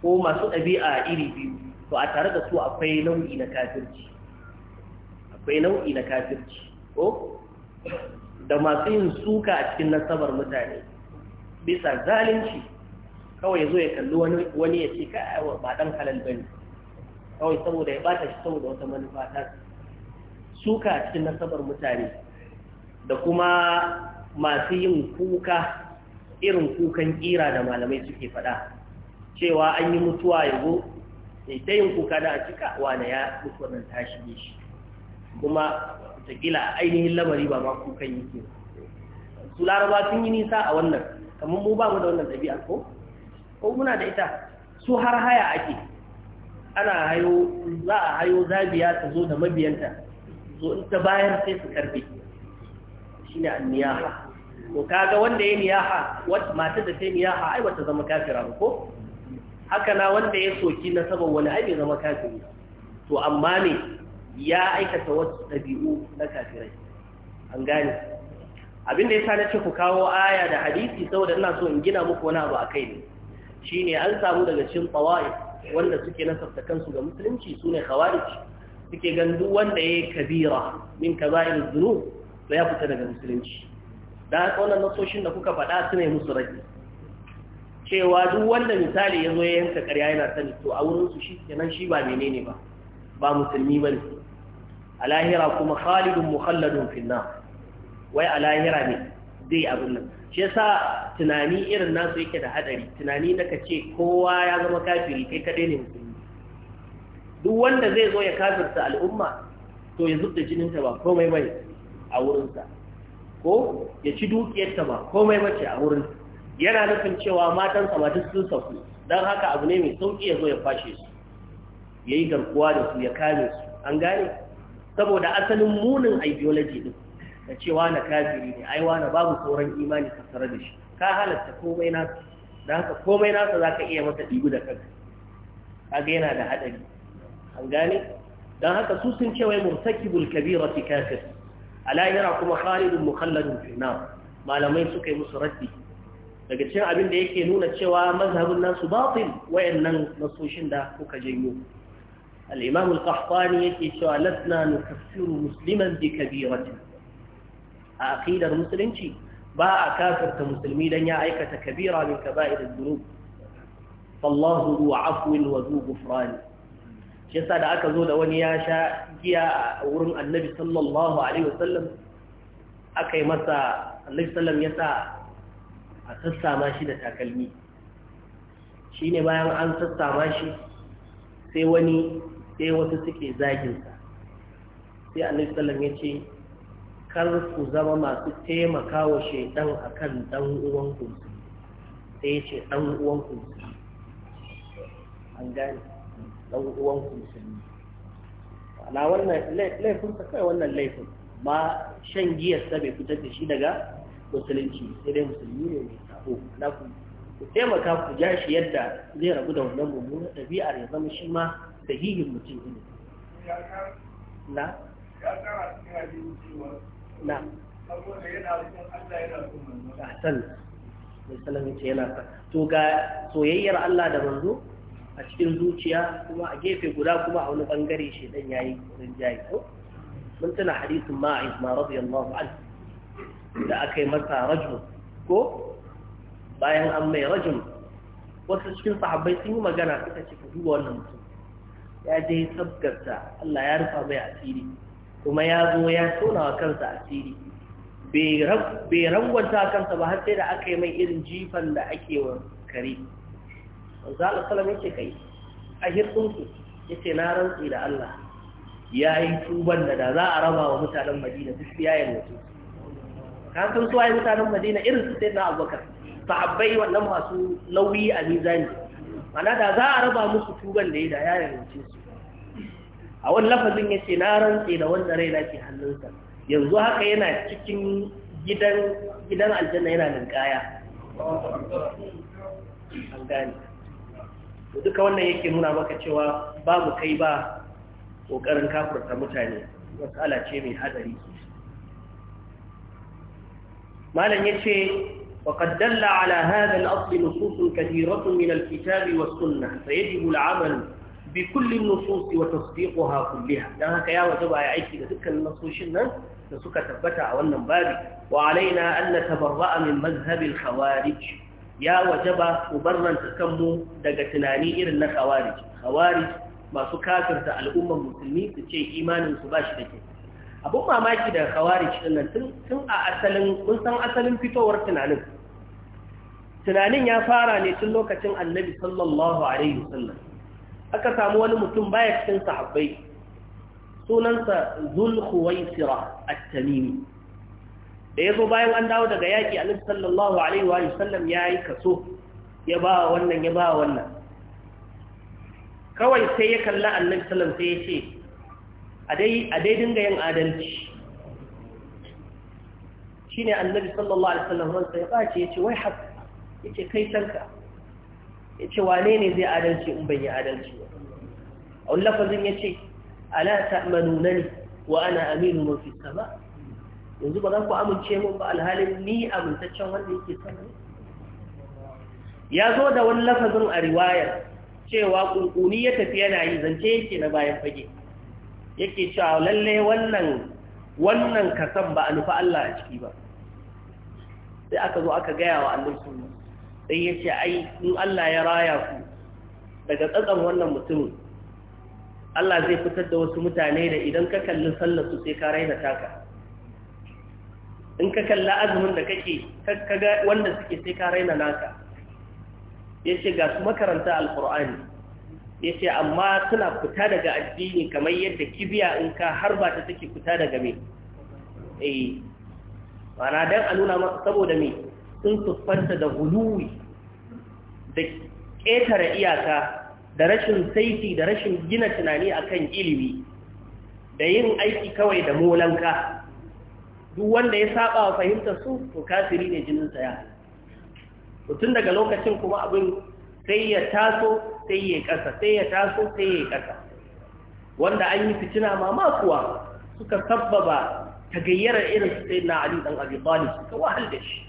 ko masu ɗabi'a iri biyu to a tare da su akwai nau'i na kafirci akwai nau'i na kafirci ko da masu yin suka a cikin nasabar mutane bisa zalunci kawai zo ya kalli wani ya ce kai ba dan halal bane kawai saboda ya bata shi saboda wata manufa ta suka a cikin nasabar mutane da kuma masu yin kuka irin kukan kira da malamai suke faɗa cewa an yi mutuwa yago sai ta yin kuka da a cika wane ya mutu wannan ta ne shi kuma watakila ainihin lamari ba ma kukan yi su laraba sun yi nisa a wannan kamar mu ba mu da wannan ɗabi'a ko ko muna da ita su har haya ake ana hayo za a hayo zabiya ta zo da mabiyanta zo in ta bayar sai su karbe shine an-niyaha to kaga wanda ya niyaha wata mata da ta niyaha ai wata zama kafira ko haka na wanda ya soki na saban wani ai bai zama kafiri to amma ne ya aikata wasu ɗabi'u na kafirai an gane abin da yasa nace ku kawo aya da hadisi saboda ina so in gina muku wani abu akai ne shine an samu daga cikin tawaif wanda suke nasabta kansu ga musulunci sune khawarij suke gandu wanda yayi kabira min kaba'ir dhunub to ya fita daga musulunci da haka wannan nasoshin da kuka faɗa su ne musu rage cewa duk wanda misali ya zo ya yanka ƙarya yana sani to a wurinsu shi kenan shi ba menene ba ba musulmi ba ne a lahira kuma khalidun mukhalladun finna wai a lahira ne zai abin nan shi yasa tunani irin nasu yake da hadari tunani da ka ce kowa ya zama kafiri kai kaɗai ne musulmi duk wanda zai zo ya kafirta al'umma to ya jinin jininta ba komai bane a wurinsa ko ya ci dukiyarta ba komai mace a wurin yana nufin cewa matan ma duk sun sauku don haka abu ne mai sauƙi ya zo ya fashe su ya yi garkuwa da su ya kame su an gane saboda asalin munin ideology din da cewa na kafiri ne aiwa na babu sauran imani tattare da shi ka halatta komai nasa don haka komai nasu za ka iya masa ɗigu da kanka kaga yana da haɗari an gane don haka su sun ce wai bulkabi kabirati kafiri ala yana kuma khalidun mukhalladun fina malamai suka yi musu raddi daga cikin abin da yake nuna cewa mazhabin nasu batil wayannan nasoshin da kuka janyo al-imam al-qahtani yake cewa lasna nukaffiru musliman bi kabiratin a aqidar musulunci ba a kafirta musulmi dan ya aikata kabira min kaba'ir adh-dhunub فالله ذو عفو وذو غفران shi yasa da aka zo da wani ya sha giya a wurin annabi sallallahu alaihi wasallam aka yi masa annabi sallam ya sa a sassama shi da takalmi shi ne bayan an sassama shi sai wani sai wasu suke zaginsa sai annabi sallam ya ce kar ku zama masu taimaka wa shaidan a kan ɗan uwanku sai ya ce ɗan uwanku an gane dan uwan ku musulmi ana wannan laifin ka kai wannan laifin ma shan giyar sa bai fitar da shi daga musulunci sai dai musulmi ne mai sabo na ku ku taimaka ku ja shi yadda zai rabu da wannan mummunan ɗabi'ar ya zama shi ma sahihin mutum ne na na saboda yana son Allah yana son manzo ahsan sallallahu alaihi wasallam yana to ga soyayyar Allah da manzo a cikin zuciya kuma a gefe guda kuma a wani bangare shi dan yayi jayi ko mun tana hadisin ma'iz ma radiyallahu anhu da akai yi masa rajul ko bayan an mai rajul wasu cikin sahabbai sun yi magana suka ce duba wannan mutum ya je sabgarta Allah ya rufa mai asiri kuma ya zo ya tona wa kansa asiri bai rangwanta kansa ba har sai da aka yi mai irin jifan da ake wa kare zala salam yake kai a hirsunsu ya ce na rantsi da Allah ya yi tuban da za a raba wa mutanen madina duk yayin yi mutu ka san suwa yi mutanen madina irin su sai na abubakar sahabbai wannan masu nauyi a mizani mana da za a raba musu tuban da ya da yayin yi mutu su a wani lafazin ya ce na rantsi da wanda rai na ke hannunsa yanzu haka yana cikin gidan aljanna yana ninkaya an gane duka wannan yake nuna maka cewa babu kai ba kokarin kafurta mutane wasala ce mai hadari malam yace waqad dalla ala hadha al-asl nusus kathiratun min al-kitab wa sunnah sayajibu al-amal bi kulli nusus wa tasdiquha kullaha dan haka ya wajaba ya aiki da dukkan nusushin nan da suka tabbata a wannan babi wa alaina an natabarra'a min madhhab al-khawarij ya wajaba barranta kanmu daga tunani irin na khawarij khawarij masu kafirta al'ummar musulmi su ce imanin su bashi da ke. abun mamaki da khawarij din nan tun a asalin san asalin fitowar tunanin tunanin ya fara ne tun lokacin annabi sallallahu alaihi wasallam aka samu wani mutum baya cikin sahabbai sunansa zul khuwaisira at-tamimi da ya zo bayan an dawo daga yaƙi annabi sallallahu alaihi wa sallam ya yi kaso ya ba wannan ya ba wannan kawai sai ya kalla annabi sallam sai ya ce a dai dinga yin adalci shi ne annabi sallallahu alaihi sallam ransa ya ɓace ya ce wai haka ya ce kai sanka ya ce wane ne zai adalci in ban yi adalci ba a wani lafazin ya ce ala ta'amanunani wa ana aminu mafi sama yanzu ba za ku amince mun ba alhalin ni amintaccen wanda yake son ya zo da wani lafazin a riwayar cewa kunkuni ya tafi yana yi zance yake na bayan fage yake cewa lalle wannan wannan kasan ba a nufi Allah a ciki ba sai aka zo aka gaya wa annabi sunna sai ya ce ai in Allah ya raya ku daga tsatsan wannan mutumin Allah zai fitar da wasu mutane da idan ka kalli sallar su sai ka raina taka in ka kalla azumin da kake kaga wanda suke sai ka raina naka yace ga su makaranta alqur'ani yace amma suna fita daga addini kamar yadda kibiya in ka harba ta take fita daga me eh bana dan a nuna saboda me sun tuffanta da huluwi da ƙetare iyaka da rashin saiti da rashin gina tunani akan ilimi da yin aiki kawai da molanka duk wanda ya saba wa fahimtar su to kafiri ne jinin sa ya tun daga lokacin kuma abin sai ya taso sai ya kasa sai ya taso sai ya kasa wanda an yi fitina mama kuwa suka sabbaba gayyara irin su sai na Ali dan Abi Talib suka wahal da shi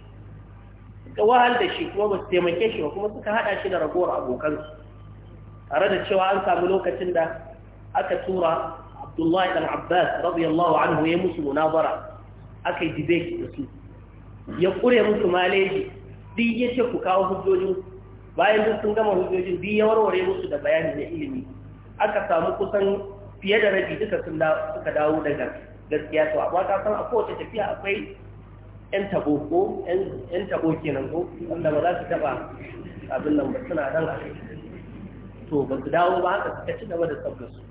suka wahal da shi kuma ba su taimake shi ba kuma suka hada shi da ragowar abokansu tare da cewa an samu lokacin da aka tura Abdullahi dan Abbas radiyallahu anhu ya musu munazara aka yi debate da su ya ƙure musu maleji duk ya ce ku kawo hujjojin bayan duk sun gama hujjojin duk ya warware musu da bayani na ilimi aka samu kusan fiye da rabi duka sun suka dawo daga gaskiya to amma ka san a kowace tafiya akwai yan tabo ko yan tabo kenan ko wanda ba za su taba abin nan ba suna nan a to ba su dawo ba haka suka ci gaba da tsabtar su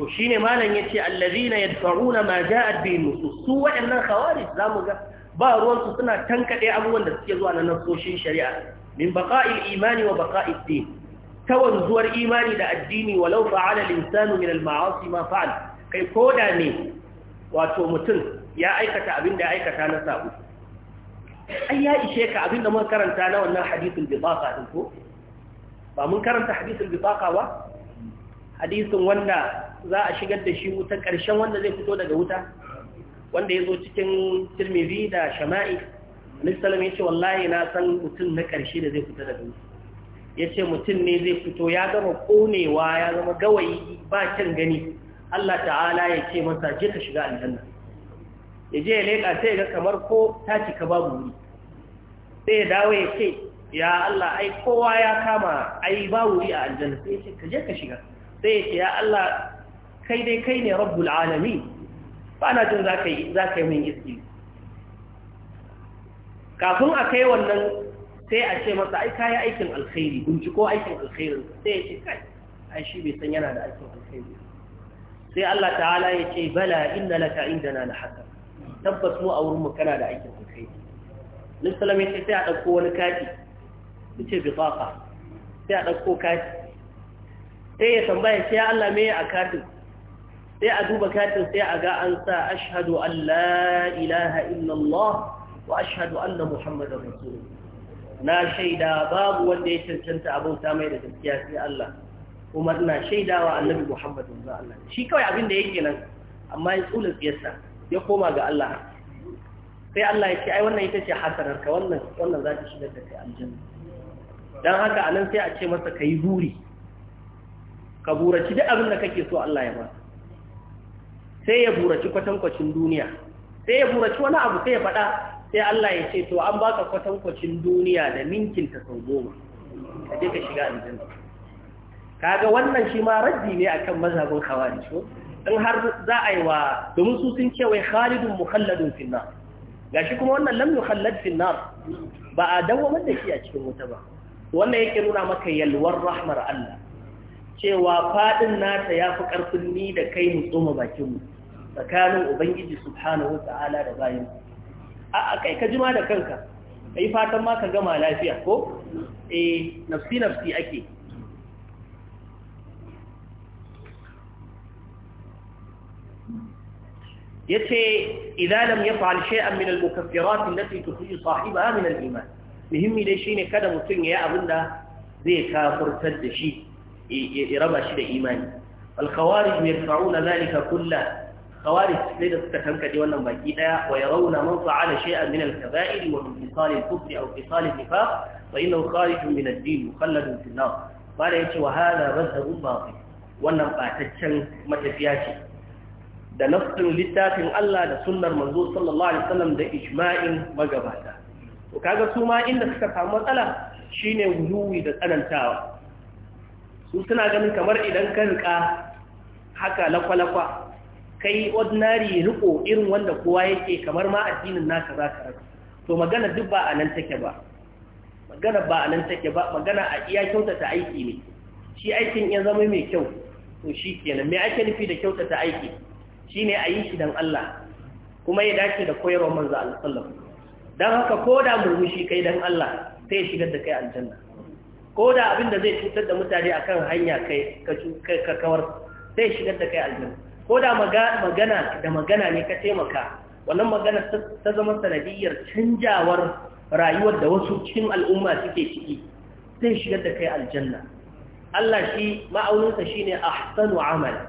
to shine malam yace allazina yadfa'una ma ja'at bihi nusus su waɗannan khawarij zamu ga ba ruwan su suna tankade abubuwan da suke zuwa na nasoshin shari'a min baqa'il imani wa baqa'id din tawanzuwar imani da addini walau fa'ala al-insanu min al-ma'asi ma fa'ala kai koda ne wato mutum ya aikata abin da ya aikata na sabu ai ya ishe ka abin mun karanta na wannan hadithul bitaqa din ko ba mun karanta hadithul bitaqa ba hadisin wanda za a shigar da shi wuta ƙarshen wanda zai fito daga wuta wanda ya zo cikin tirmizi da shama'i alisalam ya ce wallahi na san mutum na ƙarshe da zai fito daga wuta ya ce mutum ne zai fito ya gama ƙonewa ya zama gawayi ba kyan gani Allah ta'ala ya ce masa je ka shiga aljanna ya je ya leƙa sai ga kamar ko ta cika babu wuri sai ya dawo ya ce ya Allah ai kowa ya kama ai ba wuri a aljanna sai ya ce ka je ka shiga sai ya ce ya Allah kai dai kai ne rabbul alami ba na jin za ka yi min iski kafin a kai wannan sai a ce masa aika yi aikin alkhairi binciko aikin alkhairin sai ya ce kai an shi bai san yana da aikin alkhairi sai Allah ta'ala ya ce bala inna laka indana la hasan tabbas mu a wurin mu kana da aikin alkhairi lissalam sai a dauko wani kati yace bitaqa sai a dauko kati sai ya tambaya sai Allah me a katin sai a duba katin sai a ga an sa ashhadu an la ilaha illallah wa ashhadu anna Muhammadu rasulullah na shaida babu wanda ya cancanta abauta mai da gaskiya sai Allah kuma ina shaidawa annabi Muhammadu. za Allah shi kawai abin da yake nan amma ya tsula tsiyarsa ya koma ga Allah sai Allah ya ce ai wannan ita ce hasanarka wannan wannan za ta shigar da kai aljanna don haka anan sai a ce masa ka yi buri ka buraci duk abin da kake so Allah ya ba sai ya buraci kwatankwacin duniya sai ya buraci wani abu sai ya faɗa sai Allah ya ce to an baka kwatankwacin duniya da ta sau goma ka je ka shiga aljanna kaga wannan shi ma raddi ne akan mazhabin khawarij ko in har za a yi wa domin su sun ce wai khalidun mukhalladun fil nar gashi kuma wannan lam yukhallad fil nar ba a dawamar da shi a cikin wuta ba wannan yake nuna maka yalwar rahmar Allah cewa faɗin nata ya fi ƙarfin ni da kai mu tsoma bakinmu tsakanin ubangiji subhanahu ta'ala da bayan a kai ka jima da kanka kai fatan ma ka gama lafiya ko eh nafsi nafsi ake yace idan lam yaf'al shay'an min al-mukaffirat allati tukhrij sahibaha min al-iman muhimmi dai shine kada mutun yayi abinda zai kafurtar da shi raba shi da imani alkhawarij yarfa'una zalika kulla khawarij sai da suka tankade wannan baki daya wa yarawna man fa'ala shay'an min al-kaba'ir wa min fisal al aw fisal al-nifaq innahu kharij min ad-din mukhalladun fi an-nar bala yace wa hadha mazhabun batil wannan bataccen matafiya ce da nafsin littafin Allah da sunnar manzo sallallahu alaihi wasallam da ijma'in magabata to kaga su ma inda suka samu matsala shine wuluwi da tsanantawa su suna ganin kamar idan ka rika haka lakwalakwa kai ordinary riko irin wanda kowa yake kamar ma addinin naka za ka rika to magana duk ba a nan take ba magana ba a nan take ba magana a iya kyautata aiki ne shi aikin ya zama mai kyau to shi kenan mai ake nufi da kyautata aiki shine a yi shi don Allah kuma ya dace da koyarwar manzo Allah sallallahu alaihi wasallam dan haka ko da murmushi kai dan Allah sai ya shigar da kai aljanna ko da abin da zai cutar da mutane akan hanya kai ka kawar sai shigar da kai aljanna ko da magana da magana ne ka taimaka wannan magana ta zama sanadiyar canjawar rayuwar da wasu cikin al'umma suke ciki sai shigar da kai aljanna Allah shi ma'auninsa shine ahsanu amala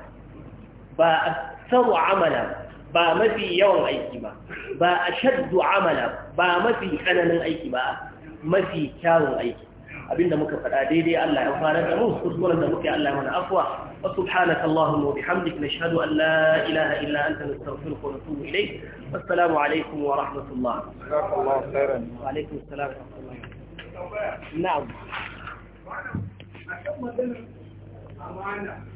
ba aksaru amala ba mafi yawan aiki ba ba ashaddu amala ba mafi tsananin aiki ba mafi kyawun aiki abinda muka faɗa daidai Allah ya fara da mu kuskuren da muke Allah mana afwa wa subhanaka allahumma wa bihamdika nashhadu an la ilaha illa anta nastaghfiruka wa natubu ilayk assalamu alaikum wa rahmatullah jazakallahu khairan wa alaikum assalam wa rahmatullah na'am